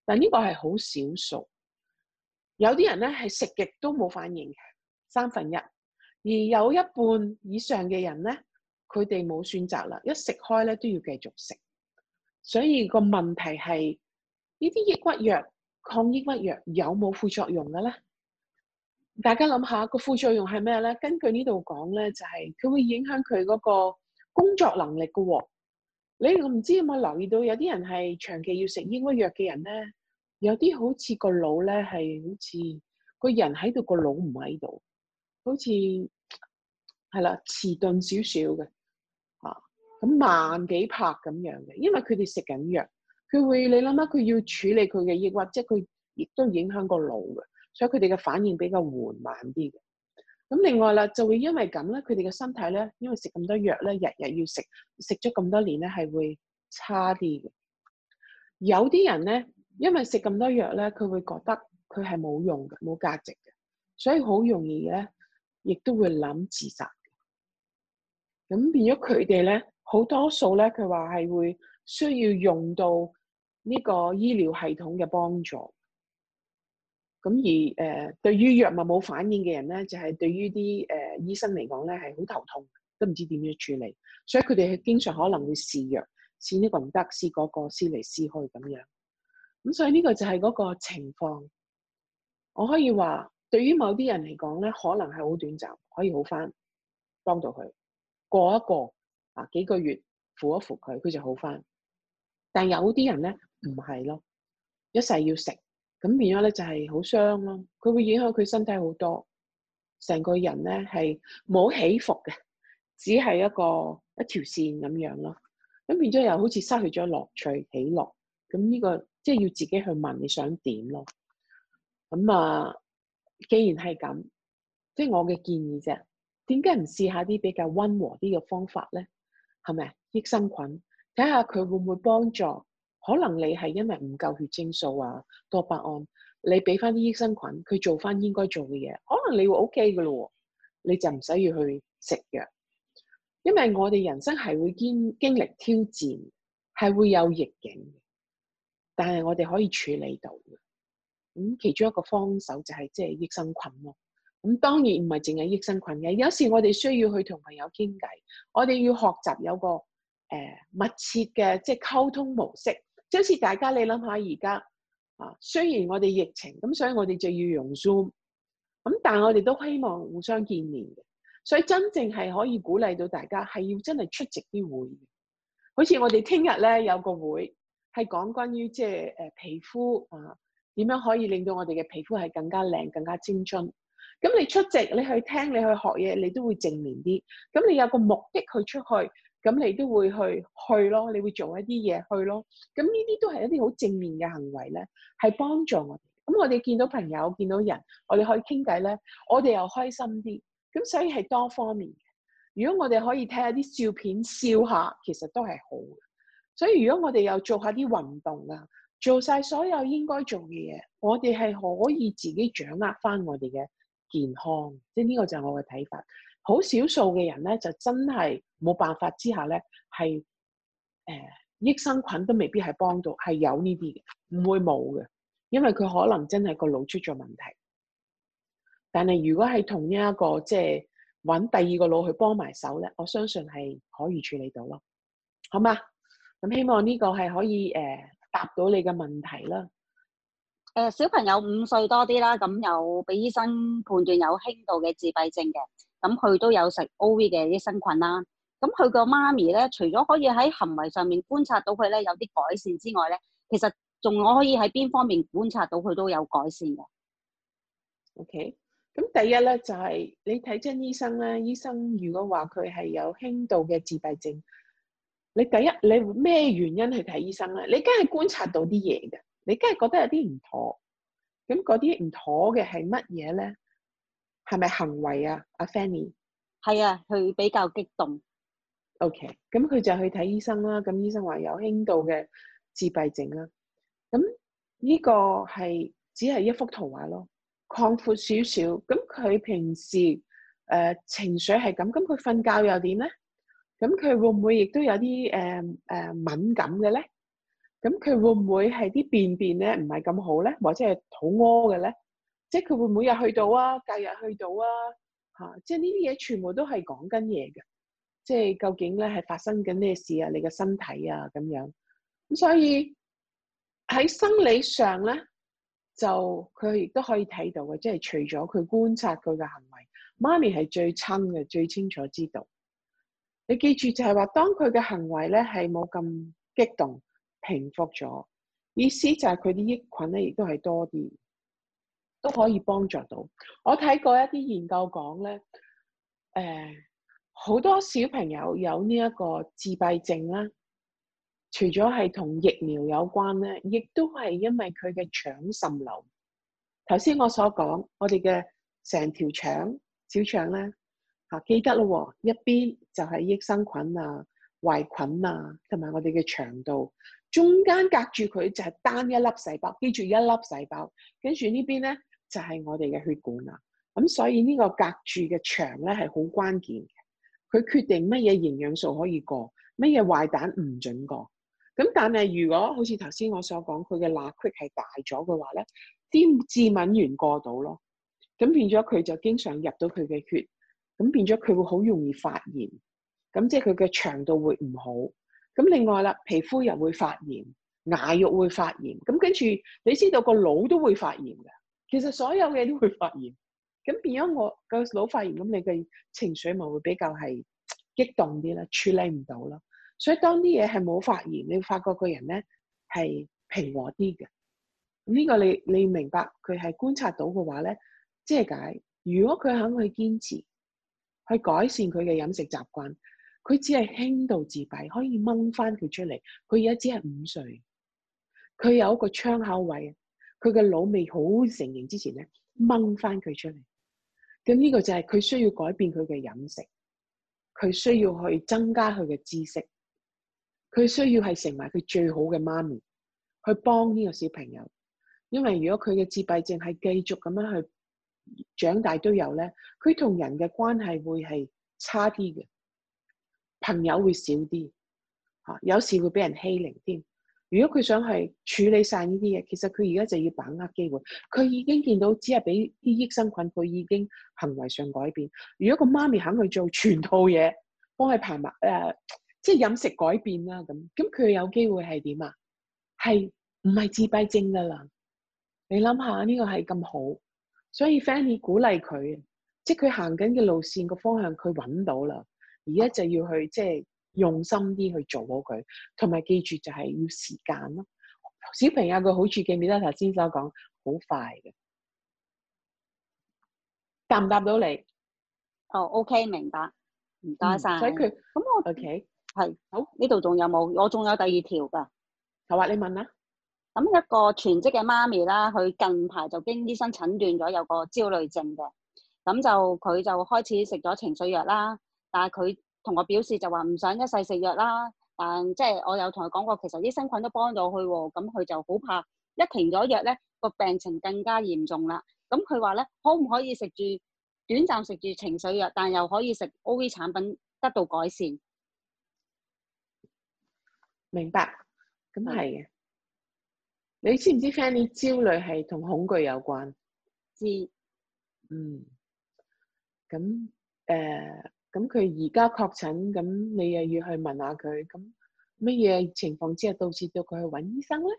但呢個係好少數。有啲人咧係食極都冇反應，三分一；而有一半以上嘅人咧，佢哋冇選擇啦，一食開咧都要繼續食。所以個問題係呢啲抑鬱藥、抗抑鬱藥有冇副作用嘅咧？大家諗下個副作用係咩咧？根據呢度講咧，就係、是、佢會影響佢嗰個工作能力嘅、哦。你唔知有冇留意到有啲人係長期要食抑鬱藥嘅人咧？有啲好似個腦咧係好似個人喺度，個腦唔喺度，好似係啦遲鈍少少嘅啊，咁慢幾拍咁樣嘅。因為佢哋食緊藥，佢會你諗下佢要處理佢嘅抑或即係佢亦都影響個腦嘅，所以佢哋嘅反應比較緩慢啲嘅。咁另外啦，就會因為咁咧，佢哋嘅身體咧，因為食咁多藥咧，日日要食食咗咁多年咧，係會差啲嘅。有啲人咧。因為食咁多藥咧，佢會覺得佢係冇用嘅，冇價值嘅，所以好容易咧，亦都會諗自殺。咁變咗佢哋咧，好多數咧，佢話係會需要用到呢個醫療系統嘅幫助。咁而誒、呃，對於藥物冇反應嘅人咧，就係、係、對於啲誒、呃、醫生嚟講咧，係好頭痛，都唔知點樣處理。所以佢哋係經常可能會試藥，試呢個唔得，試嗰個，試嚟試去咁樣。咁所以呢個就係嗰個情況。我可以話，對於某啲人嚟講咧，可能係好短暫，可以好翻，幫到佢過一過啊，幾個月扶一扶佢，佢就好翻。但有啲人咧唔係咯，一世要食，咁變咗咧就係好傷咯。佢會影響佢身體好多，成個人咧係冇起伏嘅，只係一個一條線咁樣咯。咁變咗又好似失去咗樂趣起落，咁呢、這個。即係要自己去問你想點咯，咁啊，既然係咁，即係我嘅建議啫。點解唔試下啲比較温和啲嘅方法咧？係咪？益生菌，睇下佢會唔會幫助？可能你係因為唔夠血清素啊、多巴胺，你俾翻啲益生菌，佢做翻應該做嘅嘢，可能你會 OK 嘅咯。你就唔使要去食藥，因為我哋人生係會經經歷挑戰，係會有逆境。但係我哋可以處理到嘅，咁、嗯、其中一個幫手就係即係益生菌咯。咁、嗯、當然唔係淨係益生菌嘅，有時我哋需要去同朋友傾偈，我哋要學習有個誒、呃、密切嘅即係溝通模式。即好似大家你諗下而家啊，雖然我哋疫情咁，所以我哋就要用 Zoom，咁、嗯、但係我哋都希望互相見面嘅。所以真正係可以鼓勵到大家係要真係出席啲會嘅，好似我哋聽日咧有個會。係講關於即係誒、皮膚啊，點樣可以令到我哋嘅皮膚係更加靚、更加青春？咁你出席，你去聽，你去學嘢，你都會正面啲。咁你有個目的去出去，咁你都會去去咯，你會做一啲嘢去咯。咁呢啲都係一啲好正面嘅行為咧，係幫助我哋。咁我哋見到朋友，見到人，我哋可以傾偈咧，我哋又開心啲。咁所以係多方面嘅。如果我哋可以睇下啲笑片笑下，其實都係好。所以如果我哋又做下啲運動啊，做晒所有應該做嘅嘢，我哋係可以自己掌握翻我哋嘅健康，即係呢個就係我嘅睇法。好少數嘅人咧，就真係冇辦法之下咧，係誒、呃、益生菌都未必係幫到，係有呢啲嘅，唔會冇嘅，因為佢可能真係個腦出咗問題。但係如果係同一個即係搵第二個腦去幫埋手咧，我相信係可以處理到咯，好嘛？咁希望呢個係可以誒、呃、答到你嘅問題啦。誒、呃、小朋友五歲多啲啦，咁有俾醫生判斷有輕度嘅自閉症嘅，咁、嗯、佢都有食 O V 嘅益生菌啦。咁佢個媽咪咧，除咗可以喺行為上面觀察到佢咧，有啲改善之外咧，其實仲可以喺邊方面觀察到佢都有改善嘅？OK，咁第一咧就係、是、你睇親醫生咧，醫生如果話佢係有輕度嘅自閉症。你第一，你咩原因去睇醫生咧？你梗係觀察到啲嘢嘅，你梗係覺得有啲唔妥。咁嗰啲唔妥嘅係乜嘢咧？係咪行為啊？阿 Fanny，係啊，佢比較激動。OK，咁佢就去睇醫生啦。咁醫生話有輕度嘅自閉症啦。咁呢個係只係一幅圖畫咯，擴闊少少。咁佢平時誒、呃、情緒係咁，咁佢瞓覺又點咧？咁佢會唔會亦都有啲誒誒敏感嘅咧？咁佢會唔會係啲便便咧唔係咁好咧，或者係肚屙嘅咧？即係佢會唔會日去到啊，隔日去到啊，吓，即係呢啲嘢全部都係講緊嘢嘅，即係究竟咧係發生緊咩事啊？你嘅身體啊咁樣咁，所以喺生理上咧，就佢亦都可以睇到嘅，即係除咗佢觀察佢嘅行為，媽咪係最親嘅，最清楚知道。你記住就係話，當佢嘅行為咧係冇咁激動，平復咗，意思就係佢啲益菌咧亦都係多啲，都可以幫助到。我睇過一啲研究講咧，誒、呃，好多小朋友有呢一個自閉症啦，除咗係同疫苗有關咧，亦都係因為佢嘅腸滲漏。頭先我所講，我哋嘅成條腸、小腸咧。吓記得咯，一邊就係益生菌啊、壞菌啊，同埋我哋嘅腸道，中間隔住佢就係單一粒細胞，記住一粒細胞，跟住呢邊咧就係、是、我哋嘅血管啦。咁、嗯、所以呢個隔住嘅牆咧係好關鍵嘅，佢決定乜嘢營養素可以過，乜嘢壞蛋唔准過。咁、嗯、但係如果好似頭先我所講，佢嘅罅隙係大咗嘅話咧，啲致敏原過到咯，咁變咗佢就經常入到佢嘅血。咁變咗佢會好容易發炎，咁即係佢嘅腸道會唔好。咁另外啦，皮膚又會發炎，牙肉會發炎。咁跟住，你知道個腦都會發炎嘅。其實所有嘢都會發炎。咁變咗我個腦發炎，咁你嘅情緒咪會比較係激動啲啦，處理唔到咯。所以當啲嘢係冇發炎，你會發覺個人咧係平和啲嘅。呢個你你明白佢係觀察到嘅話咧，即係解。如果佢肯去堅持，去改善佢嘅飲食習慣，佢只係輕度自閉，可以掹翻佢出嚟。佢而家只係五歲，佢有一個窗口位，佢嘅腦未好成型之前咧，掹翻佢出嚟。咁呢個就係佢需要改變佢嘅飲食，佢需要去增加佢嘅知識，佢需要係成為佢最好嘅媽咪，去幫呢個小朋友。因為如果佢嘅自閉症係繼續咁樣去。長大都有咧，佢同人嘅關係會係差啲嘅，朋友會少啲，吓有時會俾人欺凌添。如果佢想係處理晒呢啲嘢，其實佢而家就要把握機會。佢已經見到只係俾啲益生菌，佢已經行為上改變。如果個媽咪肯去做全套嘢，幫佢排埋誒、呃，即係飲食改變啦。咁咁，佢有機會係點啊？係唔係自閉症噶啦？你諗下呢個係咁好。所以 Fanny 鼓勵佢，即係佢行緊嘅路線個方向，佢揾到啦。而家就要去即係用心啲去做好佢，同埋記住就係要時間咯。小朋友個好處嘅，記得頭先所講，好快嘅。答唔答到你？哦，OK，明白。唔該晒。所以佢咁我 OK 係好呢度仲有冇？我仲有第二條㗎。頭啊，你問啦。咁一個全職嘅媽咪啦，佢近排就經醫生診斷咗有個焦慮症嘅，咁就佢就開始食咗情緒藥啦。但係佢同我表示就話唔想一世食藥啦。但即係我有同佢講過，其實益生菌都幫到佢喎。咁佢就好怕一停咗藥咧，個病情更加嚴重啦。咁佢話咧，可唔可以食住短暫食住情緒藥，但又可以食 OV 產品得到改善？明白，咁係嘅。你知唔知 Fanny 焦慮係同恐懼有關？知，嗯，咁誒，咁佢而家確診，咁你又要去問下佢，咁乜嘢情況之下導致到佢去搵醫生咧？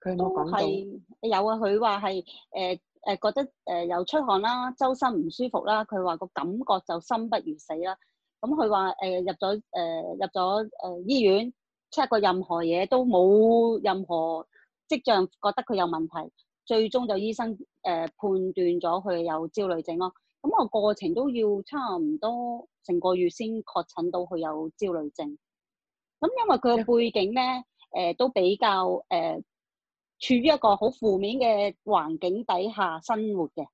佢有冇講？係，有啊，佢話係誒誒覺得誒又出汗啦，周身唔舒服啦，佢話個感覺就生不如死啦。咁佢話誒入咗誒入咗誒醫院。check 過任何嘢都冇任何跡象，覺得佢有問題。最終就醫生誒、呃、判斷咗佢有焦慮症咯，啊。咁個過程都要差唔多成個月先確診到佢有焦慮症。咁因為佢嘅背景咧，誒、呃、都比較誒、呃、處於一個好負面嘅環境底下生活嘅。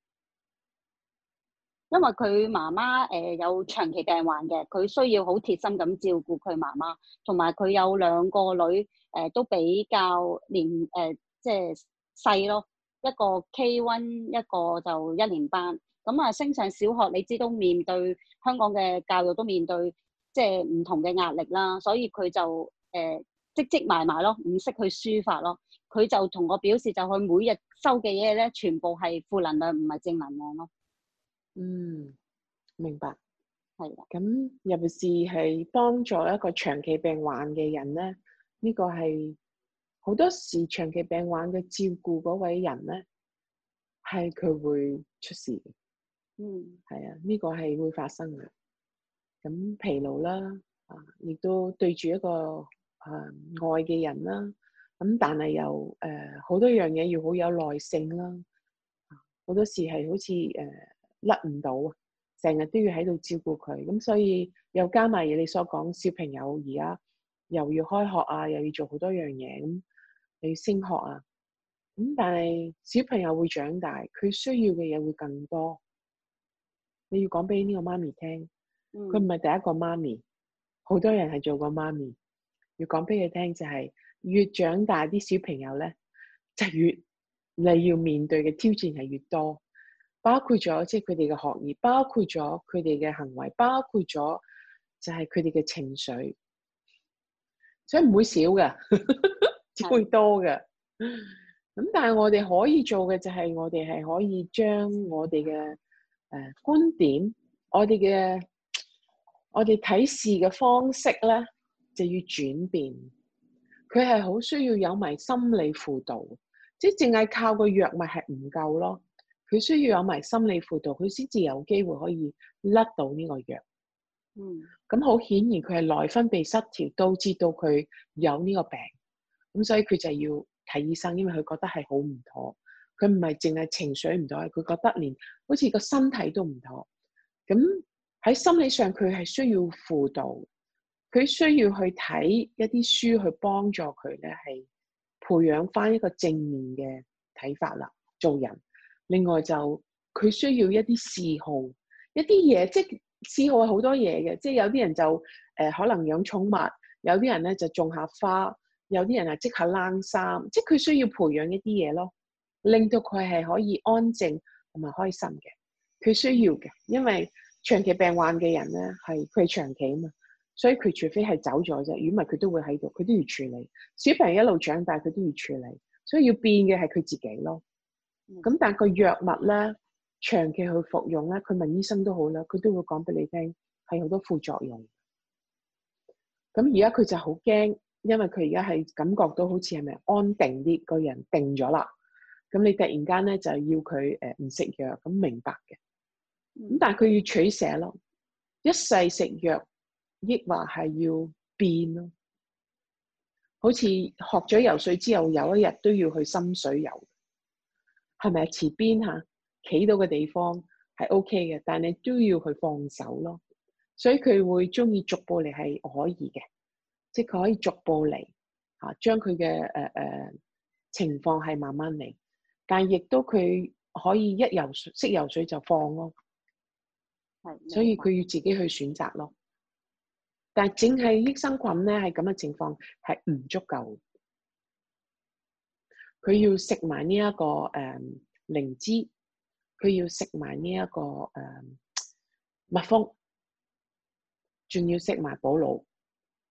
因為佢媽媽誒有長期病患嘅，佢需要好貼心咁照顧佢媽媽，同埋佢有兩個女誒都比較年誒即係細咯，一個 K1，一個就一年班。咁啊升上小學，你知都面對香港嘅教育都面對即係唔同嘅壓力啦，所以佢就誒積積埋埋咯，唔識去抒發咯。佢就同我表示就佢每日收嘅嘢咧，全部係負能量，唔係正能量咯。嗯，明白，係啊的。咁尤其是係幫助一個長期病患嘅人咧，呢、這個係好多時長期病患嘅照顧嗰位人咧，係佢會出事嘅。嗯，係啊，呢、這個係會發生嘅。咁疲勞啦，啊，亦都對住一個、呃、愛啊愛嘅人啦。咁但係又誒，好、呃、多樣嘢要好有耐性啦。好、啊、多時係好似誒。呃甩唔到，成日都要喺度照顧佢，咁所以又加埋你所講小朋友而家又要開學啊，又要做好多樣嘢，咁你要升學啊，咁但係小朋友會長大，佢需要嘅嘢會更多。你要講俾呢個媽咪聽，佢唔係第一個媽咪，好多人係做過媽咪。要講俾佢聽就係，越長大啲小朋友咧，就越你要面對嘅挑戰係越多。包括咗即係佢哋嘅學業，包括咗佢哋嘅行為，包括咗就係佢哋嘅情緒，所以唔會少嘅，只 會多嘅的，咁的但係我哋可以做嘅就係我哋係可以將我哋嘅誒觀點，我哋嘅我哋睇事嘅方式咧就要轉變。佢係好需要有埋心理輔導，即係淨係靠個藥物係唔夠咯。佢需要有埋心理輔導，佢先至有機會可以甩到呢個藥。嗯，咁好顯然佢係內分泌失調，導致到佢有呢個病。咁所以佢就要睇醫生，因為佢覺得係好唔妥。佢唔係淨係情緒唔妥，佢覺得連好似個身體都唔妥。咁喺心理上，佢係需要輔導，佢需要去睇一啲書去幫助佢咧，係培養翻一個正面嘅睇法啦，做人。另外就佢需要一啲嗜好，一啲嘢，即係嗜好係好多嘢嘅。即係有啲人就誒、呃、可能養寵物，有啲人咧就種下花，有啲人啊織下冷衫，即係佢需要培養一啲嘢咯，令到佢係可以安靜同埋開心嘅。佢需要嘅，因為長期病患嘅人咧係佢係長期啊嘛，所以佢除非係走咗啫，如果唔係，佢都會喺度，佢都要處理。小朋友一路長大佢都要處理，所以要變嘅係佢自己咯。咁但係個藥物咧，長期去服用咧，佢問醫生都好啦，佢都會講俾你聽，係好多副作用。咁而家佢就好驚，因為佢而家係感覺到好似係咪安定啲，個人定咗啦。咁你突然間咧就要佢誒唔食藥，咁、呃、明白嘅。咁但係佢要取捨咯，一世食藥，抑或係要變咯。好似學咗游水之後，有一日都要去深水游。係咪啊？池邊吓企到嘅地方係 OK 嘅，但你都要去放手咯。所以佢會中意逐步嚟係可以嘅，即係佢可以逐步嚟啊，將佢嘅誒誒情況係慢慢嚟。但亦都佢可以一游水，識游水就放咯。係的，所以佢要自己去選擇咯。但係淨係益生菌咧，係咁嘅情況係唔足夠。佢要食埋呢一個誒、呃、靈芝，佢要食埋呢一個誒、呃、蜜蜂，仲要食埋補腦，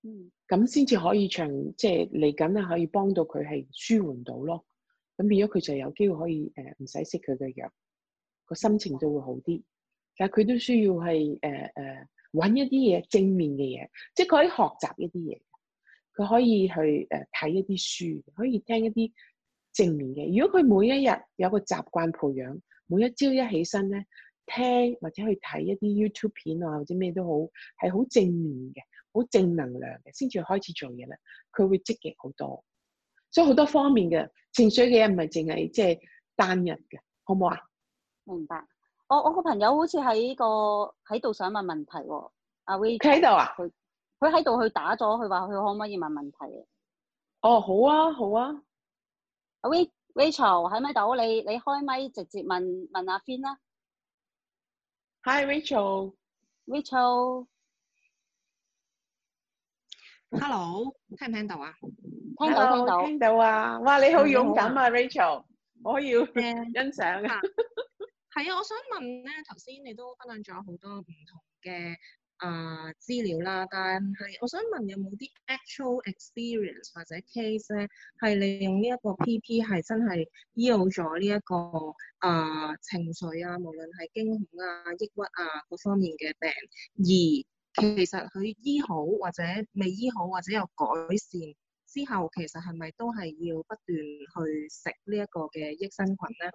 嗯，咁先至可以長，即係嚟緊咧可以幫到佢係舒緩到咯。咁變咗佢就有機會可以誒唔使食佢嘅藥，個心情都會好啲。但係佢都需要係誒誒揾一啲嘢正面嘅嘢，即係佢可以學習一啲嘢，佢可以去誒睇、呃、一啲書，可以聽一啲正面嘅，如果佢每一日有一個習慣培養，每一朝一起身咧，聽或者去睇一啲 YouTube 片啊，或者咩都好，係好正面嘅，好正能量嘅，先至開始做嘢咧，佢會積極好多。所以好多方面嘅情緒嘅嘢唔係淨係即係單人嘅，好唔好啊？明白。我我個朋友好似喺個喺度想問問題喎，阿 We，佢喺度啊？佢佢喺度去打咗，佢話佢可唔可以問問題啊？哦，好啊，好啊。阿 Rachel 喺咪度？你你開咪直接問問阿、啊、Fin 啦。Hi Rachel，Rachel，Hello，聽唔聽到啊？聽到 Hello, Hello, 聽到啊！哇，你好勇敢啊，、嗯、啊，Rachel！我要 Yeah. 欣賞賞啊。係 啊，我想問咧，頭先你都分享咗好多唔同嘅。啊，資料、呃、啦，但係我想問有冇啲 actual experience 或者 case 咧，係利用呢一個 PP 係真係醫好咗呢一個啊、呃、情緒啊，無論係驚恐啊、抑鬱啊嗰方面嘅病，而其實佢醫好或者未醫好或者有改善之後，其實係咪都係要不斷去食呢一個嘅益生菌咧？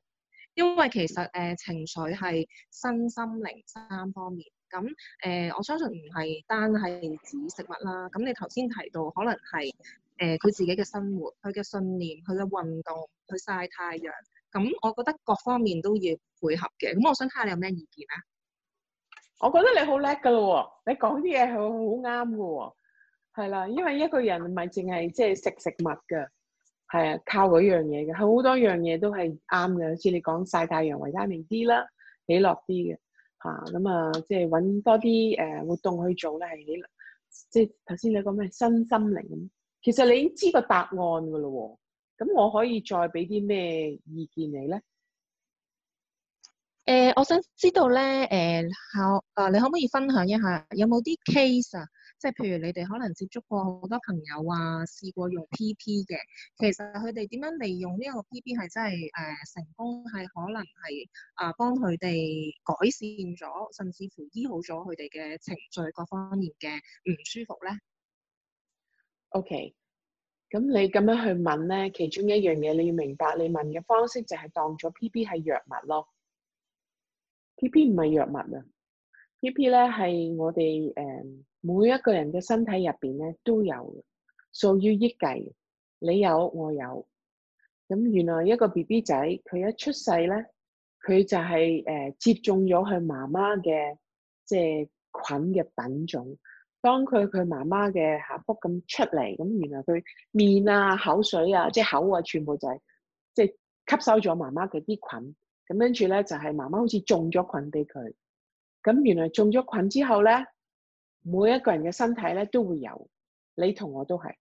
因為其實誒、呃、情緒係身心靈三方面。咁誒、呃，我相信唔係單係指食物啦。咁你頭先提到，可能係誒佢自己嘅生活、佢嘅信念、佢嘅運動、佢曬太陽。咁我覺得各方面都要配合嘅。咁我想睇下你有咩意見啊？我覺得你好叻㗎咯喎，你講啲嘢係好啱嘅喎。係啦，因為一個人唔係淨係即係食食物㗎，係啊，靠嗰樣嘢嘅，好多樣嘢都係啱嘅。好似你講曬太陽維他命 D 啦，喜樂啲嘅。吓咁啊，即係搵多啲誒、呃、活動去做咧，係你即係頭先你講咩新心靈咁，其實你已經知個答案噶咯喎，咁我可以再俾啲咩意見你咧？誒、呃，我想知道咧，誒、呃，可啊，你可唔可以分享一下有有，有冇啲 case 啊？ 即係譬如你哋可能接觸過好多朋友啊，試過用 PP 嘅，其實佢哋點樣利用呢個 PP 係真係誒、呃、成功係可能係啊幫佢哋改善咗，甚至乎醫好咗佢哋嘅情緒各方面嘅唔舒服咧？OK，咁你咁樣去問咧，其中一樣嘢你要明白，你問嘅方式就係當咗 PP 係藥物咯。PP 唔係藥物啊。PP 咧，係我哋誒、呃，每一個人嘅身體入邊咧都有，數以億計。你有我有，咁、嗯、原來一個 B B 仔佢一出世咧，佢就係、是、誒、呃、接種咗佢媽媽嘅即係菌嘅品種。當佢佢媽媽嘅下腹咁出嚟，咁、嗯、原來佢面啊口水啊即係口啊，全部就係、是、即係吸收咗媽媽嘅啲菌，咁跟住咧就係、是、媽媽好似種咗菌俾佢。咁原來中咗菌之後咧，每一個人嘅身體咧都會有，你同我都係。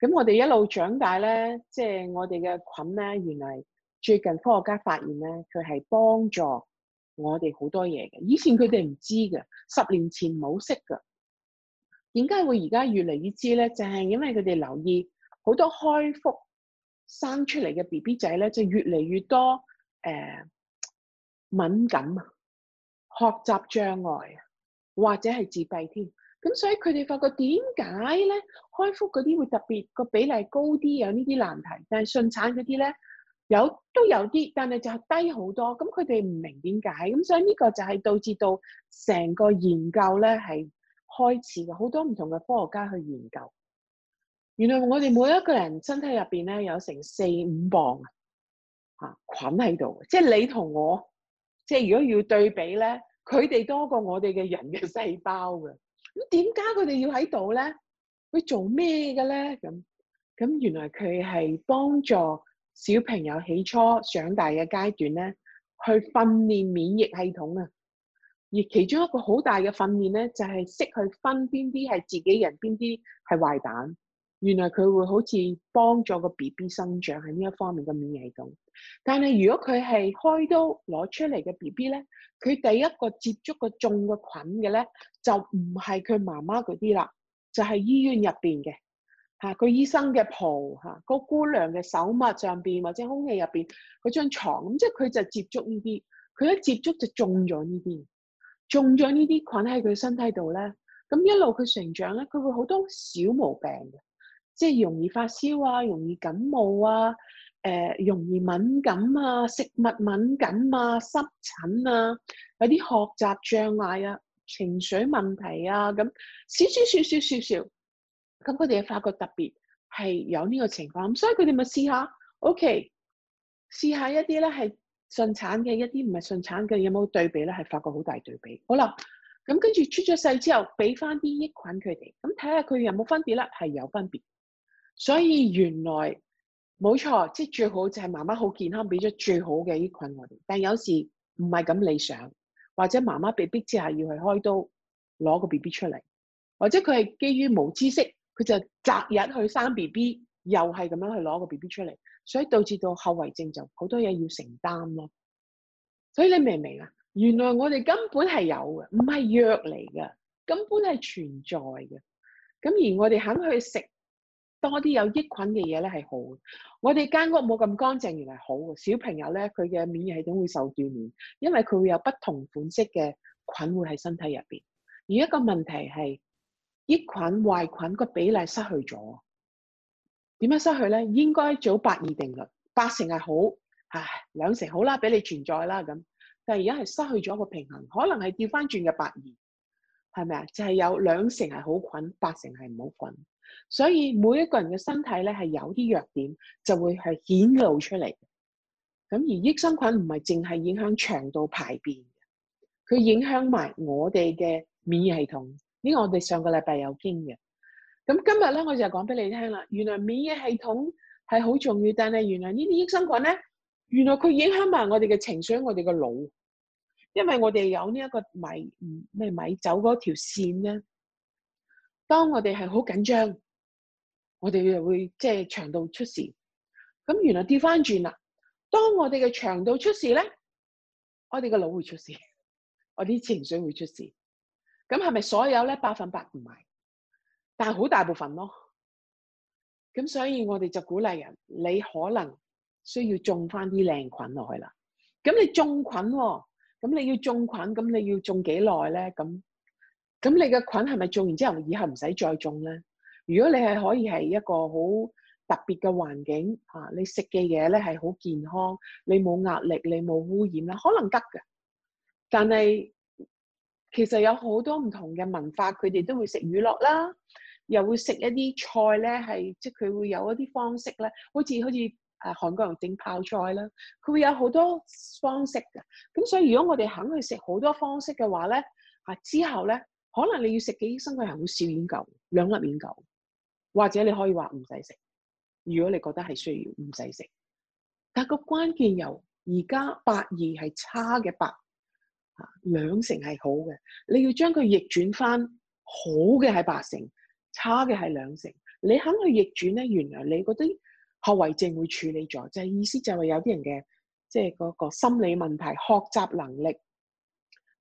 咁我哋一路長大咧，即係我哋嘅菌咧，原來最近科學家發現咧，佢係幫助我哋好多嘢嘅。以前佢哋唔知嘅，十年前冇識噶。點解會而家越嚟越知咧？就係因為佢哋留意好多開腹生出嚟嘅 BB 仔咧，就越嚟越多誒敏感啊！學習障礙或者係自閉添，咁所以佢哋發覺點解咧？開腹嗰啲會特別個比例高啲有呢啲難題，但係順產嗰啲咧有都有啲，但係就低好多。咁佢哋唔明點解，咁所以呢個就係導致到成個研究咧係開始嘅，好多唔同嘅科學家去研究。原來我哋每一個人身體入邊咧有成四五磅啊菌喺度，即係你同我，即係如果要對比咧。佢哋多過我哋嘅人嘅細胞嘅，咁點解佢哋要喺度咧？佢做咩嘅咧？咁咁原來佢係幫助小朋友起初長大嘅階段咧，去訓練免疫系統啊。而其中一個好大嘅訓練咧，就係識去分邊啲係自己人，邊啲係壞蛋。原來佢會好似幫咗個 B B 生長喺呢一方面嘅免疫力，但係如果佢係開刀攞出嚟嘅 B B 咧，佢第一個接觸個種嘅菌嘅咧，就唔係佢媽媽嗰啲啦，就係、是、醫院入邊嘅嚇，個、啊、醫生嘅袍嚇，個、啊、姑娘嘅手襪上邊或者空氣入邊嗰張牀，咁即係佢就接觸呢啲，佢一接觸就中咗呢啲，中咗呢啲菌喺佢身體度咧，咁一路佢成長咧，佢會好多小毛病嘅。即係容易發燒啊，容易感冒啊，誒、呃，容易敏感啊，食物敏感啊，濕疹啊，有啲學習障礙啊，情緒問題啊，咁少少少少少少，咁佢哋又發覺特別係有呢個情況，咁所以佢哋咪試下，OK，試下一啲咧係順產嘅，一啲唔係順產嘅，有冇對比咧？係發覺好大對比，好啦，咁跟住出咗世之後，俾翻啲益菌佢哋，咁睇下佢有冇分別咧？係有分別。所以原來冇錯，即係最好就係媽媽好健康，俾咗最好嘅啲群我哋。但有時唔係咁理想，或者媽媽被逼之下要去開刀攞個 B B 出嚟，或者佢係基於冇知識，佢就擇日去生 B B，又係咁樣去攞個 B B 出嚟，所以導致到後遺症就好多嘢要承擔咯。所以你明唔明啊？原來我哋根本係有嘅，唔係藥嚟嘅，根本係存在嘅。咁而我哋肯去食。多啲有益菌嘅嘢咧係好嘅。我哋間屋冇咁乾淨，原嚟好嘅。小朋友咧，佢嘅免疫系統會受鍛鍊，因為佢會有不同款式嘅菌會喺身體入邊。而一個問題係益菌壞菌個比例失去咗。點樣失去咧？應該做八二定律，八成係好，唉兩成好啦，俾你存在啦咁。但係而家係失去咗一個平衡，可能係調翻轉嘅八二，係咪啊？就係、是、有兩成係好菌，八成係唔好菌。所以每一個人嘅身體咧係有啲弱點，就會係顯露出嚟。咁而益生菌唔係淨係影響腸道排便，佢影響埋我哋嘅免疫系統。呢、這個我哋上個禮拜有經嘅。咁今日咧，我就講俾你聽啦。原來免疫系統係好重要，但係原來呢啲益生菌咧，原來佢影響埋我哋嘅情緒，我哋嘅腦，因為我哋有呢一個米咩米酒嗰條線咧。當我哋係好緊張，我哋又會即係腸道出事。咁原來調翻轉啦。當我哋嘅腸道出事咧，我哋個腦會出事，我啲情緒會出事。咁係咪所有咧？百分百唔係，但係好大部分咯。咁所以我哋就鼓勵人，你可能需要種翻啲靚菌落去啦。咁你種菌、哦，咁你要種菌，咁你要種幾耐咧？咁。咁你嘅菌係咪種完之後以後唔使再種咧？如果你係可以係一個好特別嘅環境嚇，你食嘅嘢咧係好健康，你冇壓力，你冇污染啦，可能得㗎。但係其實有好多唔同嘅文化，佢哋都會食魚露啦，又會食一啲菜咧，係即係佢會有一啲方式咧，好似好似誒韓國人整泡菜啦，佢會有好多方式嘅。咁所以如果我哋肯去食好多方式嘅話咧，嚇之後咧～可能你要食嘅生果係好少，研究，兩粒研究，或者你可以話唔使食。如果你覺得係需要，唔使食。但個關鍵又而家八二係差嘅八，兩、啊、成係好嘅。你要將佢逆轉翻，好嘅係八成，差嘅係兩成。你肯去逆轉咧？原來你覺得後遺症會處理咗，就係、是、意思就係有啲人嘅即係嗰個心理問題、學習能力、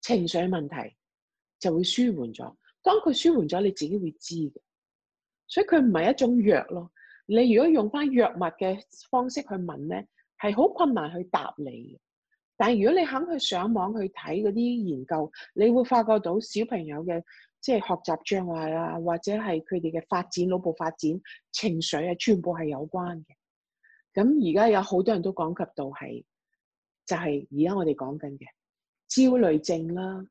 情緒問題。就會舒緩咗。當佢舒緩咗，你自己會知嘅。所以佢唔係一種藥咯。你如果用翻藥物嘅方式去問咧，係好困難去答你。但係如果你肯去上網去睇嗰啲研究，你會發覺到小朋友嘅即係學習障礙啊，或者係佢哋嘅發展腦部發展、情緒啊，全部係有關嘅。咁而家有好多人都講及到係，就係而家我哋講緊嘅焦慮症啦、啊。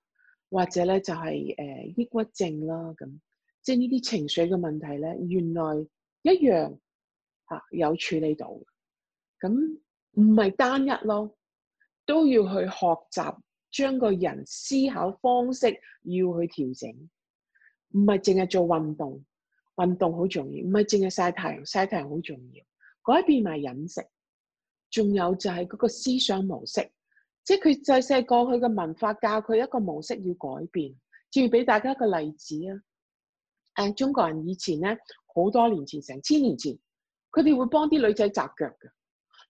或者咧就係誒抑鬱症啦，咁即係呢啲情緒嘅問題咧，原來一樣嚇、啊、有處理到，咁唔係單一咯，都要去學習將個人思考方式要去調整，唔係淨係做運動，運動好重要，唔係淨係曬太陽，曬太陽好重要，改變埋飲食，仲有就係嗰個思想模式。即係佢細細個佢嘅文化教佢一個模式要改變，至於俾大家一個例子啊。誒，中國人以前咧，好多年前，成千年前，佢哋會幫啲女仔紮腳嘅，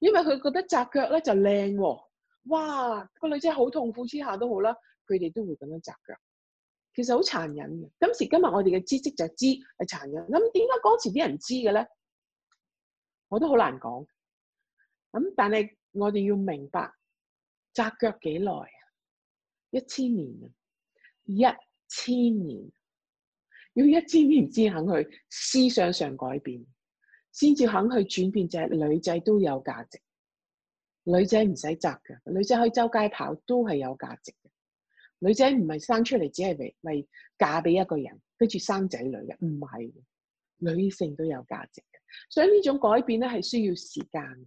因為佢覺得紮腳咧就靚。哦。哇，個女仔好痛苦之下都好啦，佢哋都會咁樣紮腳。其實好殘忍嘅。今時今日我哋嘅知識就知係殘忍。咁點解嗰時啲人知嘅咧？我都好難講。咁但係我哋要明白。紮腳幾耐啊？一千年啊，一千年要一千年先肯去思想上改變，先至肯去轉變。只女仔都有價值，女仔唔使紮腳，女仔去周街跑都係有價值嘅。女仔唔係生出嚟只係為為嫁俾一個人跟住生仔女嘅，唔係女性都有價值，所以呢種改變咧係需要時間。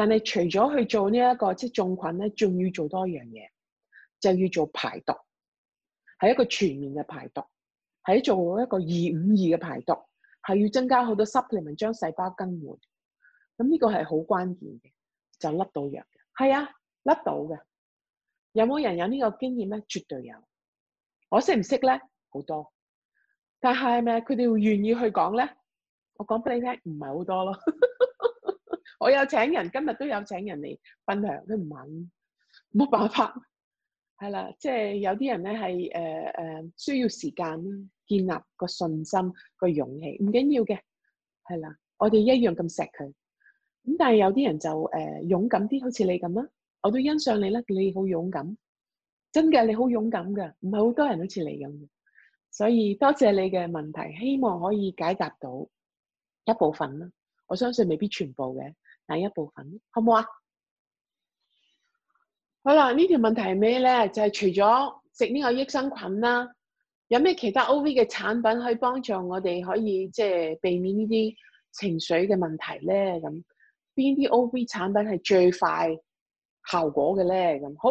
但係除咗去做呢、這、一個即係、就是、種菌咧，仲要做多樣嘢，就要做排毒，係一個全面嘅排毒，係做一個二五二嘅排毒，係要增加好多 supplement，將細胞更換，咁呢個係好關鍵嘅，就甩到藥，係啊，甩到嘅，有冇人有呢個經驗咧？絕對有，我識唔識咧？好多，但係咪佢哋會願意去講咧？我講俾你聽，唔係好多咯。 我有請人，今日都有請人嚟分享。佢唔肯，冇辦法。係 啦，即係有啲人咧係誒誒，需要時間啦，建立個信心、個勇氣，唔緊要嘅。係啦，我哋一樣咁錫佢。咁但係有啲人就誒、呃、勇敢啲，好似你咁啦，我都欣賞你啦，你好勇敢。真嘅，你好勇敢嘅，唔係好多人好似你咁嘅。所以多謝你嘅問題，希望可以解答到一部分啦。我相信未必全部嘅。第一部分好唔好啊？好啦，呢條問題係咩咧？就係、是、除咗食呢個益生菌啦，有咩其他 OV 嘅產品可以幫助我哋可以即係、就是、避免呢啲情緒嘅問題咧？咁邊啲 OV 產品係最快效果嘅咧？咁好，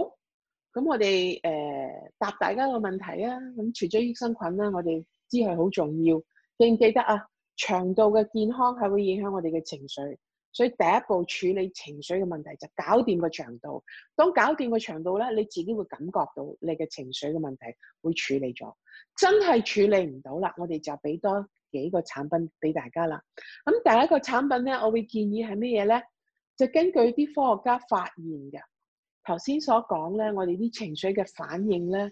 咁我哋誒、呃、答大家個問題啊！咁除咗益生菌啦，我哋知係好重要，記唔記得啊？腸道嘅健康係會影響我哋嘅情緒。所以第一步處理情緒嘅問題就搞掂個長度。當搞掂個長度咧，你自己會感覺到你嘅情緒嘅問題會處理咗。真係處理唔到啦，我哋就俾多幾個產品俾大家啦。咁、嗯、第一個產品咧，我會建議係乜嘢咧？就根據啲科學家發現嘅，頭先所講咧，我哋啲情緒嘅反應咧，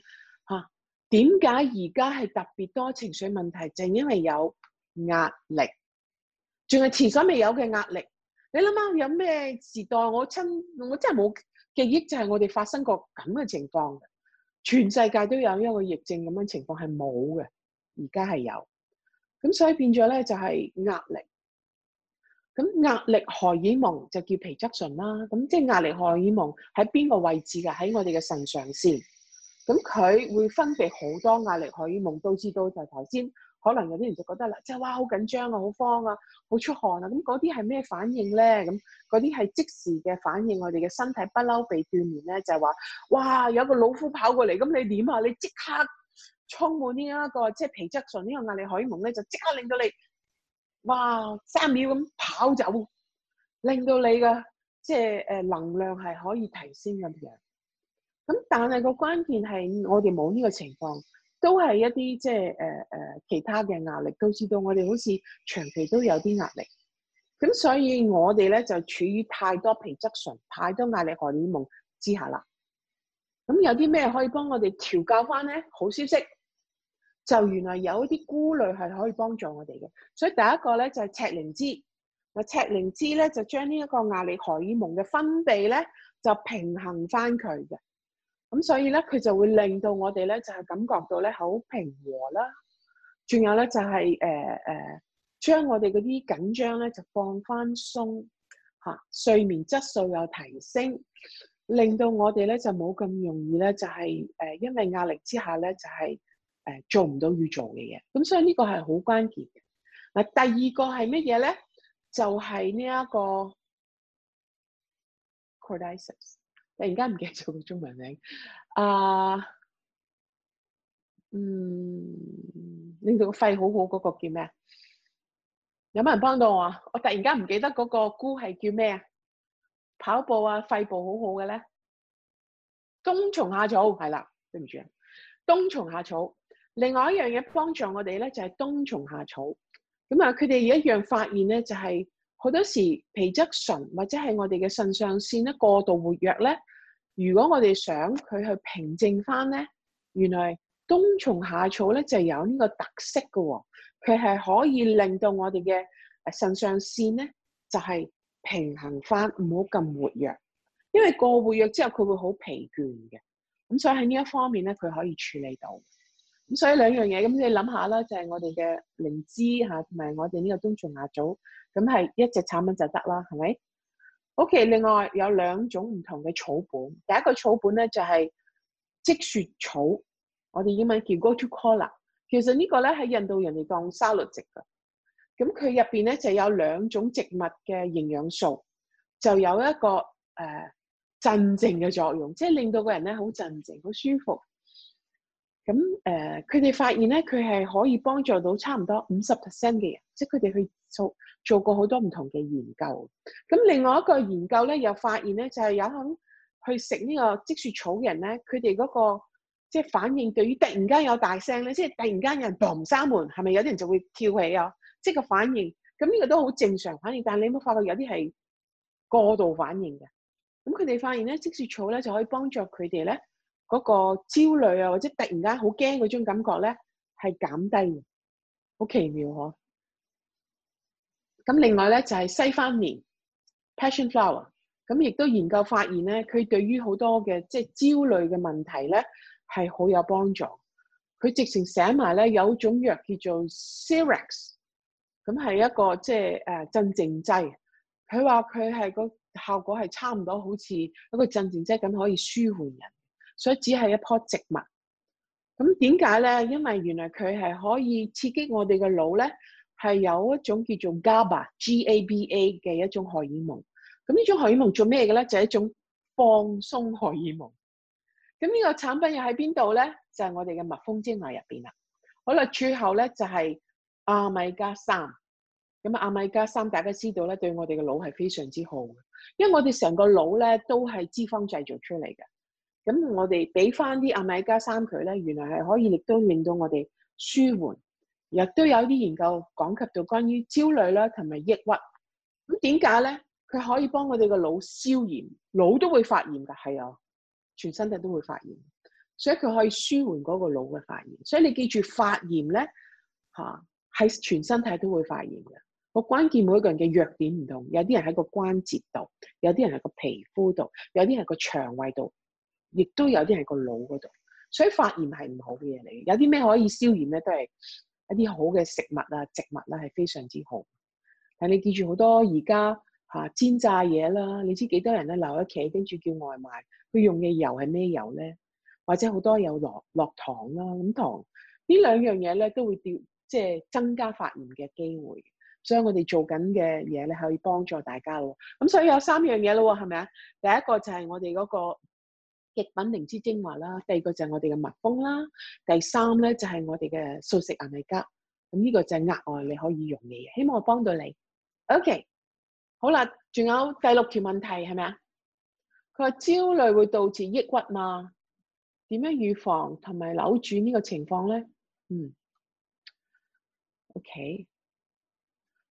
吓點解而家係特別多情緒問題？就是、因為有壓力，仲係前所未有嘅壓力。你諗下有咩時代？我親我真係冇記憶，就係、是、我哋發生過咁嘅情況。全世界都有一個疫症咁樣情況係冇嘅，而家係有。咁所以變咗咧，就係壓力。咁壓力荷爾蒙就叫皮質醇啦。咁即係壓力荷爾蒙喺邊個位置嘅？喺我哋嘅腎上腺。咁佢會分泌好多壓力荷爾蒙，都知道就，就係頭先。可能有啲人就覺得啦，即係哇好緊張啊，好慌啊，好出汗啊，咁嗰啲係咩反應咧？咁嗰啲係即時嘅反應，我哋嘅身體不嬲被鍛鍊咧，就係、是、話哇有個老虎跑過嚟，咁你點啊？你即刻充滿呢一個即係皮質醇呢個壓力荷爾蒙咧，就即刻令到你哇三秒咁跑走，令到你嘅即係誒、呃、能量係可以提升咁樣。咁但係個關鍵係我哋冇呢個情況。都係一啲即係誒誒其他嘅壓力，導致到我哋好似長期都有啲壓力，咁所以我哋咧就處於太多皮質醇、太多壓力荷爾蒙之下啦。咁有啲咩可以幫我哋調教翻咧？好消息就原來有一啲菇類係可以幫助我哋嘅，所以第一個咧就係、是、赤靈芝。啊，赤靈芝咧就將呢一個壓力荷爾蒙嘅分泌咧就平衡翻佢嘅。咁所以咧，佢就會令到我哋咧，就係、是、感覺到咧好平和啦。仲有咧，就係誒誒，將、呃呃、我哋嗰啲緊張咧，就放翻鬆嚇，睡眠質素又提升，令到我哋咧就冇咁容易咧，就係、是、誒、呃，因為壓力之下咧，就係、是、誒、呃、做唔到要做嘅嘢。咁、嗯、所以呢個係好關鍵嘅。嗱、啊，第二個係乜嘢咧？就係呢一個。突然間唔記得咗個中文名，啊，嗯，令到肺好好嗰個叫咩？有冇人幫到我啊？我突然間唔記得嗰個菇係叫咩啊？跑步啊，肺部好好嘅咧，冬蟲夏草係啦，對唔住啊，冬蟲夏草。另外一樣嘢幫助我哋咧，就係冬蟲夏草。咁、嗯、啊，佢哋一樣發現咧，就係、是。好多時皮質醇或者係我哋嘅腎上腺咧過度活躍咧，如果我哋想佢去平靜翻咧，原來冬蟲夏草咧就有呢個特色嘅喎，佢係可以令到我哋嘅腎上腺咧就係、是、平衡翻，唔好咁活躍，因為過活躍之後佢會好疲倦嘅，咁所以喺呢一方面咧佢可以處理到，咁所以兩樣嘢咁你諗下啦，就係、是、我哋嘅靈芝嚇同埋我哋呢個冬蟲夏草。咁係一隻產品就得啦，係咪？OK，另外有兩種唔同嘅草本，第一個草本咧就係、是、積雪草，我哋英文叫 g o t o c o l o r 其實呢個咧喺印度人哋當沙律食嘅，咁佢入邊咧就有兩種植物嘅營養素，就有一個誒、呃、鎮靜嘅作用，即係令到個人咧好鎮靜、好舒服。咁誒，佢、呃、哋發現咧佢係可以幫助到差唔多五十 percent 嘅人，即係佢哋去。做做過好多唔同嘅研究，咁另外一個研究咧又發現咧，就係、是、有肯去食呢個積雪草嘅人咧，佢哋嗰個即係反應，對於突然間有大聲咧，即係突然間有人嘭閂門，係咪有啲人就會跳起啊？即係個反應，咁呢個都好正常反應，但係你有冇發覺有啲係過度反應嘅。咁佢哋發現咧，積雪草咧就可以幫助佢哋咧嗰個焦慮啊，或者突然間好驚嗰種感覺咧係減低嘅，好奇妙嗬！咁另外咧就係西番蓮 passion flower，咁亦都研究發現咧，佢對於好多嘅即係焦慮嘅問題咧係好有幫助。佢直情寫埋咧有一種藥叫做 Cerex 咁係一個即係誒鎮靜劑。佢話佢係個效果係差唔多，好似一個鎮靜劑咁可以舒緩人，所以只係一棵植物。咁點解咧？因為原來佢係可以刺激我哋嘅腦咧。係有一種叫做 GABA、GABA 嘅一種荷爾蒙，咁呢種荷爾蒙做咩嘅咧？就係一種放鬆荷爾蒙。咁呢個產品又喺邊度咧？就係我哋嘅蜜蜂精華入邊啦。好啦，最後咧就係阿米加三。咁阿米加三大家知道咧，對我哋嘅腦係非常之好，因為我哋成個腦咧都係脂肪製造出嚟嘅。咁我哋俾翻啲阿米加三佢咧，原來係可以亦都令到我哋舒緩。亦都有啲研究講及到關於焦慮啦同埋抑鬱，咁點解咧？佢可以幫我哋個腦消炎，腦都會發炎噶係啊，全身體都會發炎，所以佢可以舒緩嗰個腦嘅發炎。所以你記住發炎咧，吓、啊、係全身體都會發炎嘅。個關鍵每一個人嘅弱點唔同，有啲人喺個關節度，有啲人喺個皮膚度，有啲人喺個腸胃度，亦都有啲係個腦嗰度。所以發炎係唔好嘅嘢嚟。有啲咩可以消炎咧？都係。一啲好嘅食物啊、植物啦，係非常之好。但你記住好多而家嚇煎炸嘢啦，你知幾多人咧留喺屋企，跟住叫外賣，佢用嘅油係咩油咧？或者好多有落落糖啦，咁糖，呢兩樣嘢咧都會調即係增加發炎嘅機會。所以我哋做緊嘅嘢咧，你可以幫助大家喎。咁所以有三樣嘢咯喎，係咪啊？第一個就係我哋嗰個極品靈芝精華啦，第二個就係我哋嘅蜜蜂啦，第三咧就係我哋嘅素食奧米加，咁、這、呢個就係額外你可以用嘅嘢，希望我幫到你。OK，好啦，仲有第六條問題係咪啊？佢話焦慮會導致抑鬱嘛？點樣預防同埋扭轉呢個情況咧？嗯，OK，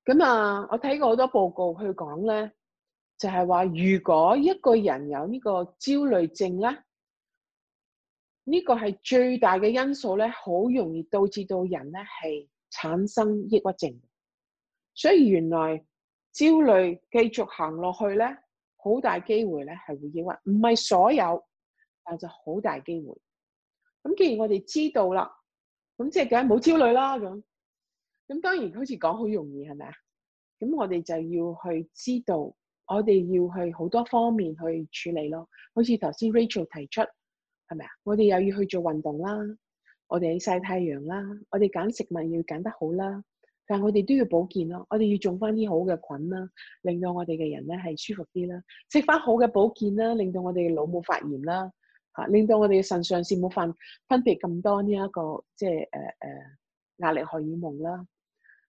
咁啊，我睇過好多報告去講咧。就係話，如果一個人有呢個焦慮症咧，呢個係最大嘅因素咧，好容易導致到人咧係產生抑鬱症。所以原來焦慮繼續行落去咧，好大機會咧係會抑鬱，唔係所有，但就好大機會。咁既然我哋知道啦，咁即係梗係冇焦慮啦咁，咁當然好似講好容易係咪啊？咁我哋就要去知道。我哋要去好多方面去處理咯，好似頭先 Rachel 提出係咪啊？我哋又要去做運動啦，我哋曬太陽啦，我哋揀食物要揀得好啦，但係我哋都要保健咯，我哋要種翻啲好嘅菌啦，令到我哋嘅人咧係舒服啲啦，食翻好嘅保健啦，令到我哋嘅腦冇發炎啦，嚇令到我哋嘅腎上腺冇分分泌咁多呢一個即係誒誒壓力荷爾蒙啦。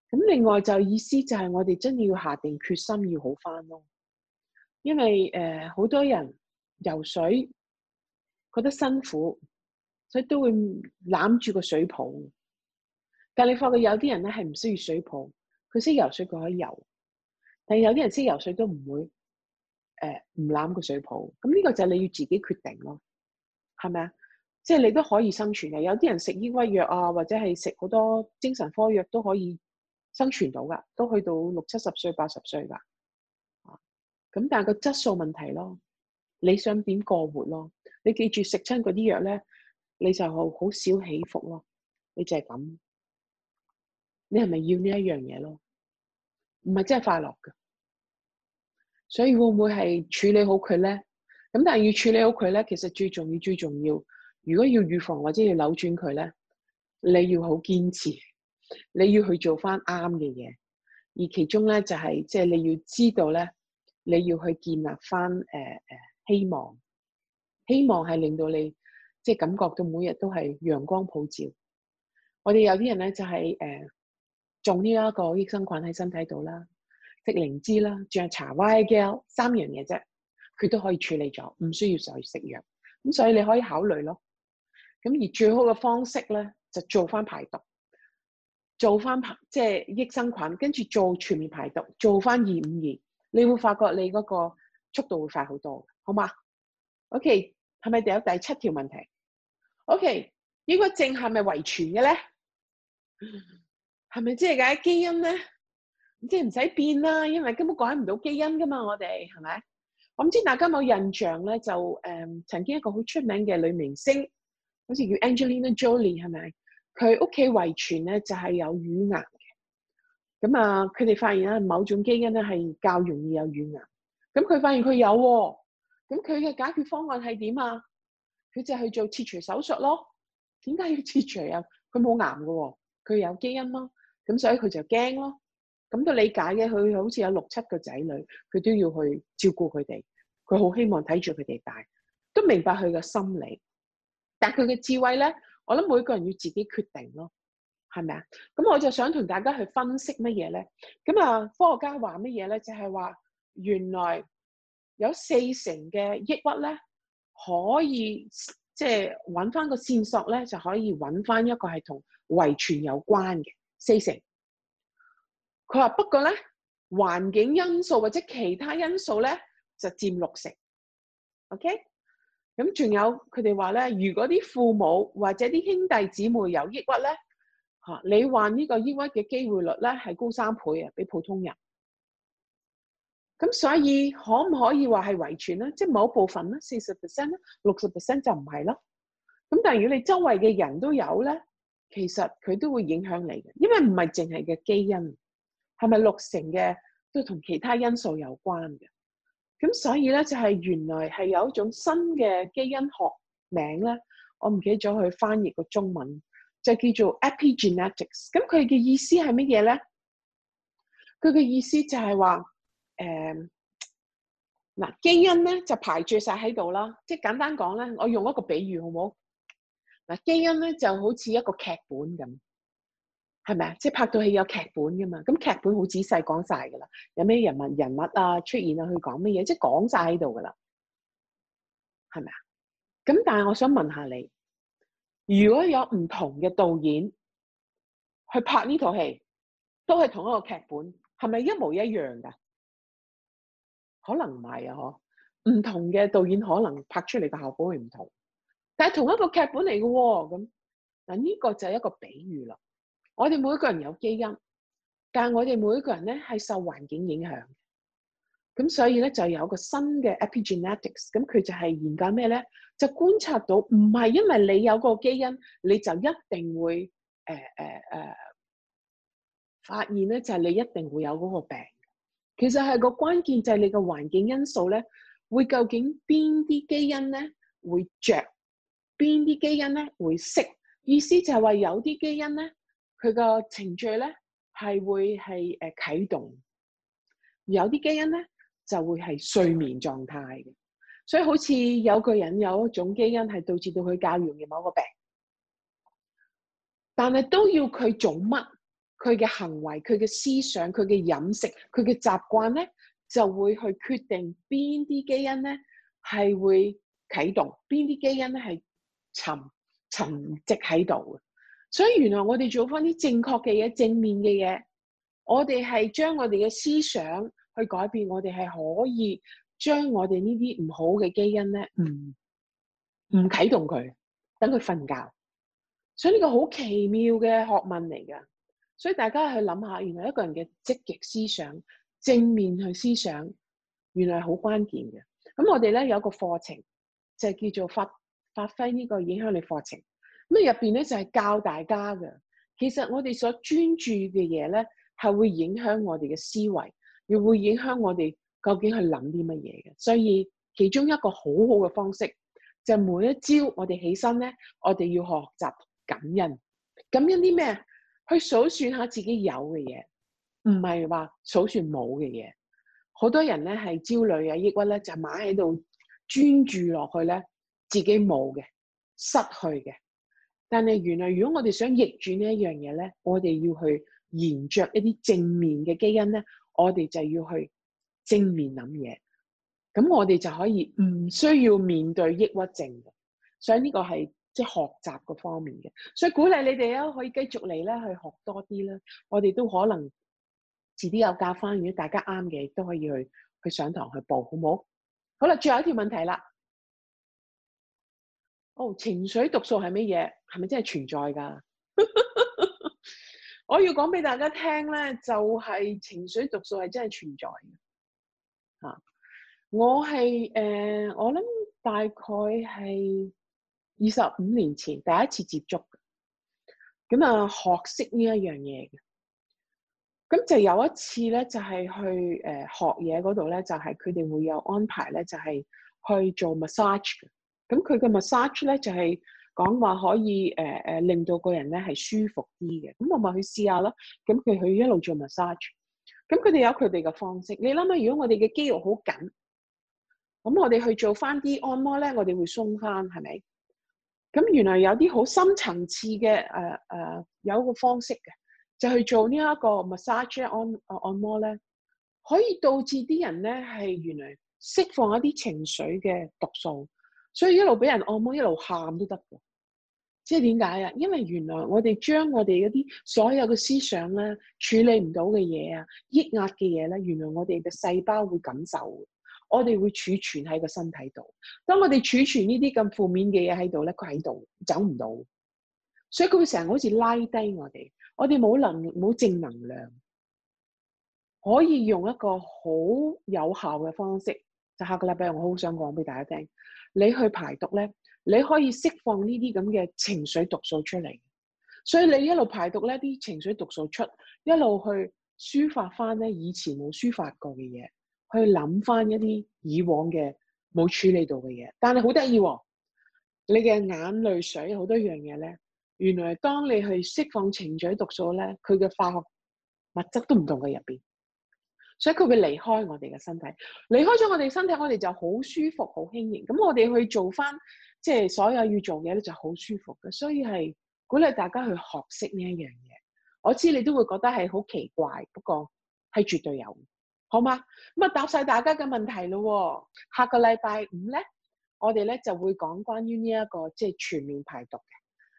咁另外就意思就係我哋真要下定決心要好翻咯。因為誒，好、呃、多人游水覺得辛苦，所以都會攬住個水泡。但係你發覺有啲人咧係唔需要水泡，佢識游水，佢可以游。但係有啲人識游水都唔會誒唔攬個水泡。咁呢個就係你要自己決定咯，係咪啊？即、就、係、是、你都可以生存嘅。有啲人食抑鬱藥啊，或者係食好多精神科藥、啊、都可以生存到噶，都去到六七十歲、八十歲噶。咁但係個質素問題咯，你想點過活咯？你記住食親嗰啲藥咧，你就好好少起伏咯。你就係咁，你係咪要呢一樣嘢咯？唔係真係快樂嘅，所以會唔會係處理好佢咧？咁但係要處理好佢咧，其實最重要、最重要。如果要預防或者要扭轉佢咧，你要好堅持，你要去做翻啱嘅嘢。而其中咧就係即係你要知道咧。你要去建立翻誒誒希望，希望係令到你即係感覺到每日都係陽光普照。我哋有啲人咧就係、是、誒、呃、種呢一個益生菌喺身體度啦，即靈芝啦，轉茶歪膠三樣嘢啫，佢都可以處理咗，唔需要再食藥。咁所以你可以考慮咯。咁而最好嘅方式咧，就做翻排毒，做翻即係益生菌，跟住做全面排毒，做翻二五二。你會發覺你嗰個速度會快好多，好嘛？OK，係咪？第六第七條問題？OK，呢個症係咪遺傳嘅咧？係咪即係點解基因咧？即係唔使變啦，因為根本改唔到基因噶嘛，我哋係咪？我唔知大家有冇印象咧？就誒、呃，曾經一個好出名嘅女明星，好似叫 Angelina Jolie 係咪？佢屋企遺傳咧就係、是、有乳癌。咁啊，佢哋發現啊，某種基因咧係較容易有乳癌。咁佢發現佢有喎，咁佢嘅解決方案係點啊？佢就係去做切除手術咯。點解要切除啊？佢冇癌嘅喎，佢有基因咯。咁所以佢就驚咯。咁都理解嘅，佢好似有六七個仔女，佢都要去照顧佢哋。佢好希望睇住佢哋大，都明白佢嘅心理。但佢嘅智慧咧，我諗每個人要自己決定咯。係咪啊？咁我就想同大家去分析乜嘢咧？咁啊，科學家話乜嘢咧？就係話原來有四成嘅抑鬱咧，可以即係揾翻個線索咧，就可以揾翻一個係同遺傳有關嘅四成。佢話不過咧，環境因素或者其他因素咧，就佔六成。OK，咁仲有佢哋話咧，如果啲父母或者啲兄弟姊妹有抑鬱咧，嚇！你患呢個抑鬱嘅機會率咧係高三倍啊，比普通人。咁所以可唔可以話係遺傳咧？即係某部分咧，四十 percent 咧，六十 percent 就唔係咯。咁但係如果你周圍嘅人都有咧，其實佢都會影響你嘅，因為唔係淨係嘅基因，係咪六成嘅都同其他因素有關嘅？咁所以咧就係、是、原來係有一種新嘅基因學名咧，我唔記咗佢翻譯個中文。就叫做 epigenetics，咁佢嘅意思係乜嘢咧？佢嘅意思就係話，誒、呃，嗱，基因咧就排住晒喺度啦。即係簡單講咧，我用一個比喻好唔好？嗱，基因咧就好似一個劇本咁，係咪啊？即係拍到戲有劇本噶嘛？咁劇本好仔細講晒噶啦，有咩人物、人物啊出現啊去講乜嘢，即係講晒喺度噶啦，係咪啊？咁但係我想問下你。如果有唔同嘅導演去拍呢套戲，都係同一個劇本，係咪一模一樣噶？可能唔係啊，嗬，唔同嘅導演可能拍出嚟嘅效果會唔同，但係同一個劇本嚟嘅喎。咁嗱，呢個就係一個比喻咯。我哋每一個人有基因，但係我哋每一個人咧係受環境影響。咁所以咧就有一個新嘅 epigenetics，咁佢就係研究咩咧？就觀察到唔係因為你有個基因你就一定會誒誒誒發現咧，就係你一定會有嗰個病。其實係個關鍵就係你嘅環境因素咧，會究竟邊啲基因咧會着，邊啲基因咧會熄？意思就係話有啲基因咧，佢個程序咧係會係誒啟動，有啲基因咧，就會係睡眠狀態嘅，所以好似有個人有一種基因係導致到佢較容易某個病，但係都要佢做乜，佢嘅行為、佢嘅思想、佢嘅飲食、佢嘅習慣咧，就會去決定邊啲基因咧係會啟動，邊啲基因咧係沉沉積喺度嘅。所以原來我哋做翻啲正確嘅嘢、正面嘅嘢，我哋係將我哋嘅思想。去改變我哋係可以將我哋呢啲唔好嘅基因咧，唔唔啟動佢，等佢瞓覺。所以呢個好奇妙嘅學問嚟噶。所以大家去諗下，原來一個人嘅積極思想、正面去思想，原來係好關鍵嘅。咁我哋咧有一個課程，就係、叫做發發揮呢個影響力課程。咁入邊咧就係、是、教大家嘅。其實我哋所專注嘅嘢咧，係會影響我哋嘅思維。要會影響我哋究竟係諗啲乜嘢嘅，所以其中一個好好嘅方式就係每一朝我哋起身咧，我哋要學習感恩，感恩啲咩？去數算下自己有嘅嘢，唔係話數算冇嘅嘢。好多人咧係焦慮啊、抑鬱咧、啊，就買喺度專注落去咧，自己冇嘅、失去嘅。但係原來如果我哋想逆轉呢一樣嘢咧，我哋要去延着一啲正面嘅基因咧。我哋就要去正面諗嘢，咁我哋就可以唔需要面對抑鬱症嘅，所以呢個係即係學習嗰方面嘅，所以鼓勵你哋啊，可以繼續嚟咧去學多啲啦。我哋都可能遲啲有教翻，如果大家啱嘅都可以去去上堂去報，好唔好？好啦，最後一條問題啦。哦，情緒毒素係乜嘢？係咪真係存在噶？ 我要講俾大家聽咧，就係、是、情緒毒素係真係存在嘅。吓、啊，我係誒、呃，我諗大概係二十五年前第一次接觸嘅，咁啊學識呢一樣嘢嘅。咁就有一次咧，就係、是、去誒、呃、學嘢嗰度咧，就係佢哋會有安排咧，就係、是、去做 massage。咁佢嘅 massage 咧就係、是。講話可以誒誒、呃、令到個人咧係舒服啲嘅，咁我咪去試下咯。咁佢去一路做 massage，咁佢哋有佢哋嘅方式。你諗下，如果我哋嘅肌肉好緊，咁我哋去做翻啲按摩咧，我哋會鬆翻，係咪？咁原來有啲好深層次嘅誒誒，有一個方式嘅，就去、是、做呢一個 massage 按按摩咧，可以導致啲人咧係原來釋放一啲情緒嘅毒素，所以一路俾人按摩，一路喊都得嘅。即係點解啊？因為原來我哋將我哋嗰啲所有嘅思想咧，處理唔到嘅嘢啊，抑壓嘅嘢咧，原來我哋嘅細胞會感受，我哋會儲存喺個身體度。當我哋儲存呢啲咁負面嘅嘢喺度咧，佢喺度走唔到，所以佢會成日好似拉低我哋。我哋冇能力，冇正能量，可以用一個好有效嘅方式。就下個禮拜我好想講俾大家聽，你去排毒咧。你可以釋放呢啲咁嘅情緒毒素出嚟，所以你一路排毒呢啲情緒毒素出，一路去抒發翻咧以前冇抒發過嘅嘢，去諗翻一啲以往嘅冇處理到嘅嘢。但係好得意喎，你嘅眼淚水好多樣嘢咧，原來當你去釋放情緒毒素咧，佢嘅化學物質都唔同嘅入邊，所以佢會離開我哋嘅身體，離開咗我哋嘅身體，我哋就好舒服、好輕盈。咁我哋去做翻。即係所有要做嘢咧就好舒服嘅，所以係鼓勵大家去學識呢一樣嘢。我知你都會覺得係好奇怪，不過係絕對有，好嘛？咁啊答晒大家嘅問題咯。下個禮拜五咧，我哋咧就會講關於呢一個即係全面排毒嘅。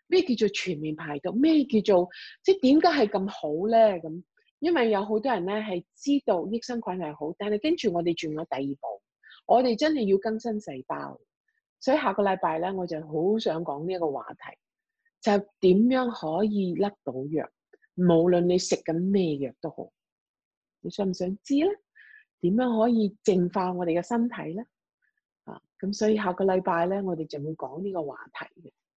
咩叫做全面排毒？咩叫做即係點解係咁好咧？咁因為有好多人咧係知道益生菌係好，但係跟住我哋轉咗第二步，我哋真係要更新細胞。所以下個禮拜咧，我就好想講呢一個話題，就點樣可以甩到藥，無論你食緊咩藥都好，你想唔想知咧？點樣可以淨化我哋嘅身體咧？啊，咁所以下個禮拜咧，我哋就會講呢個話題嘅。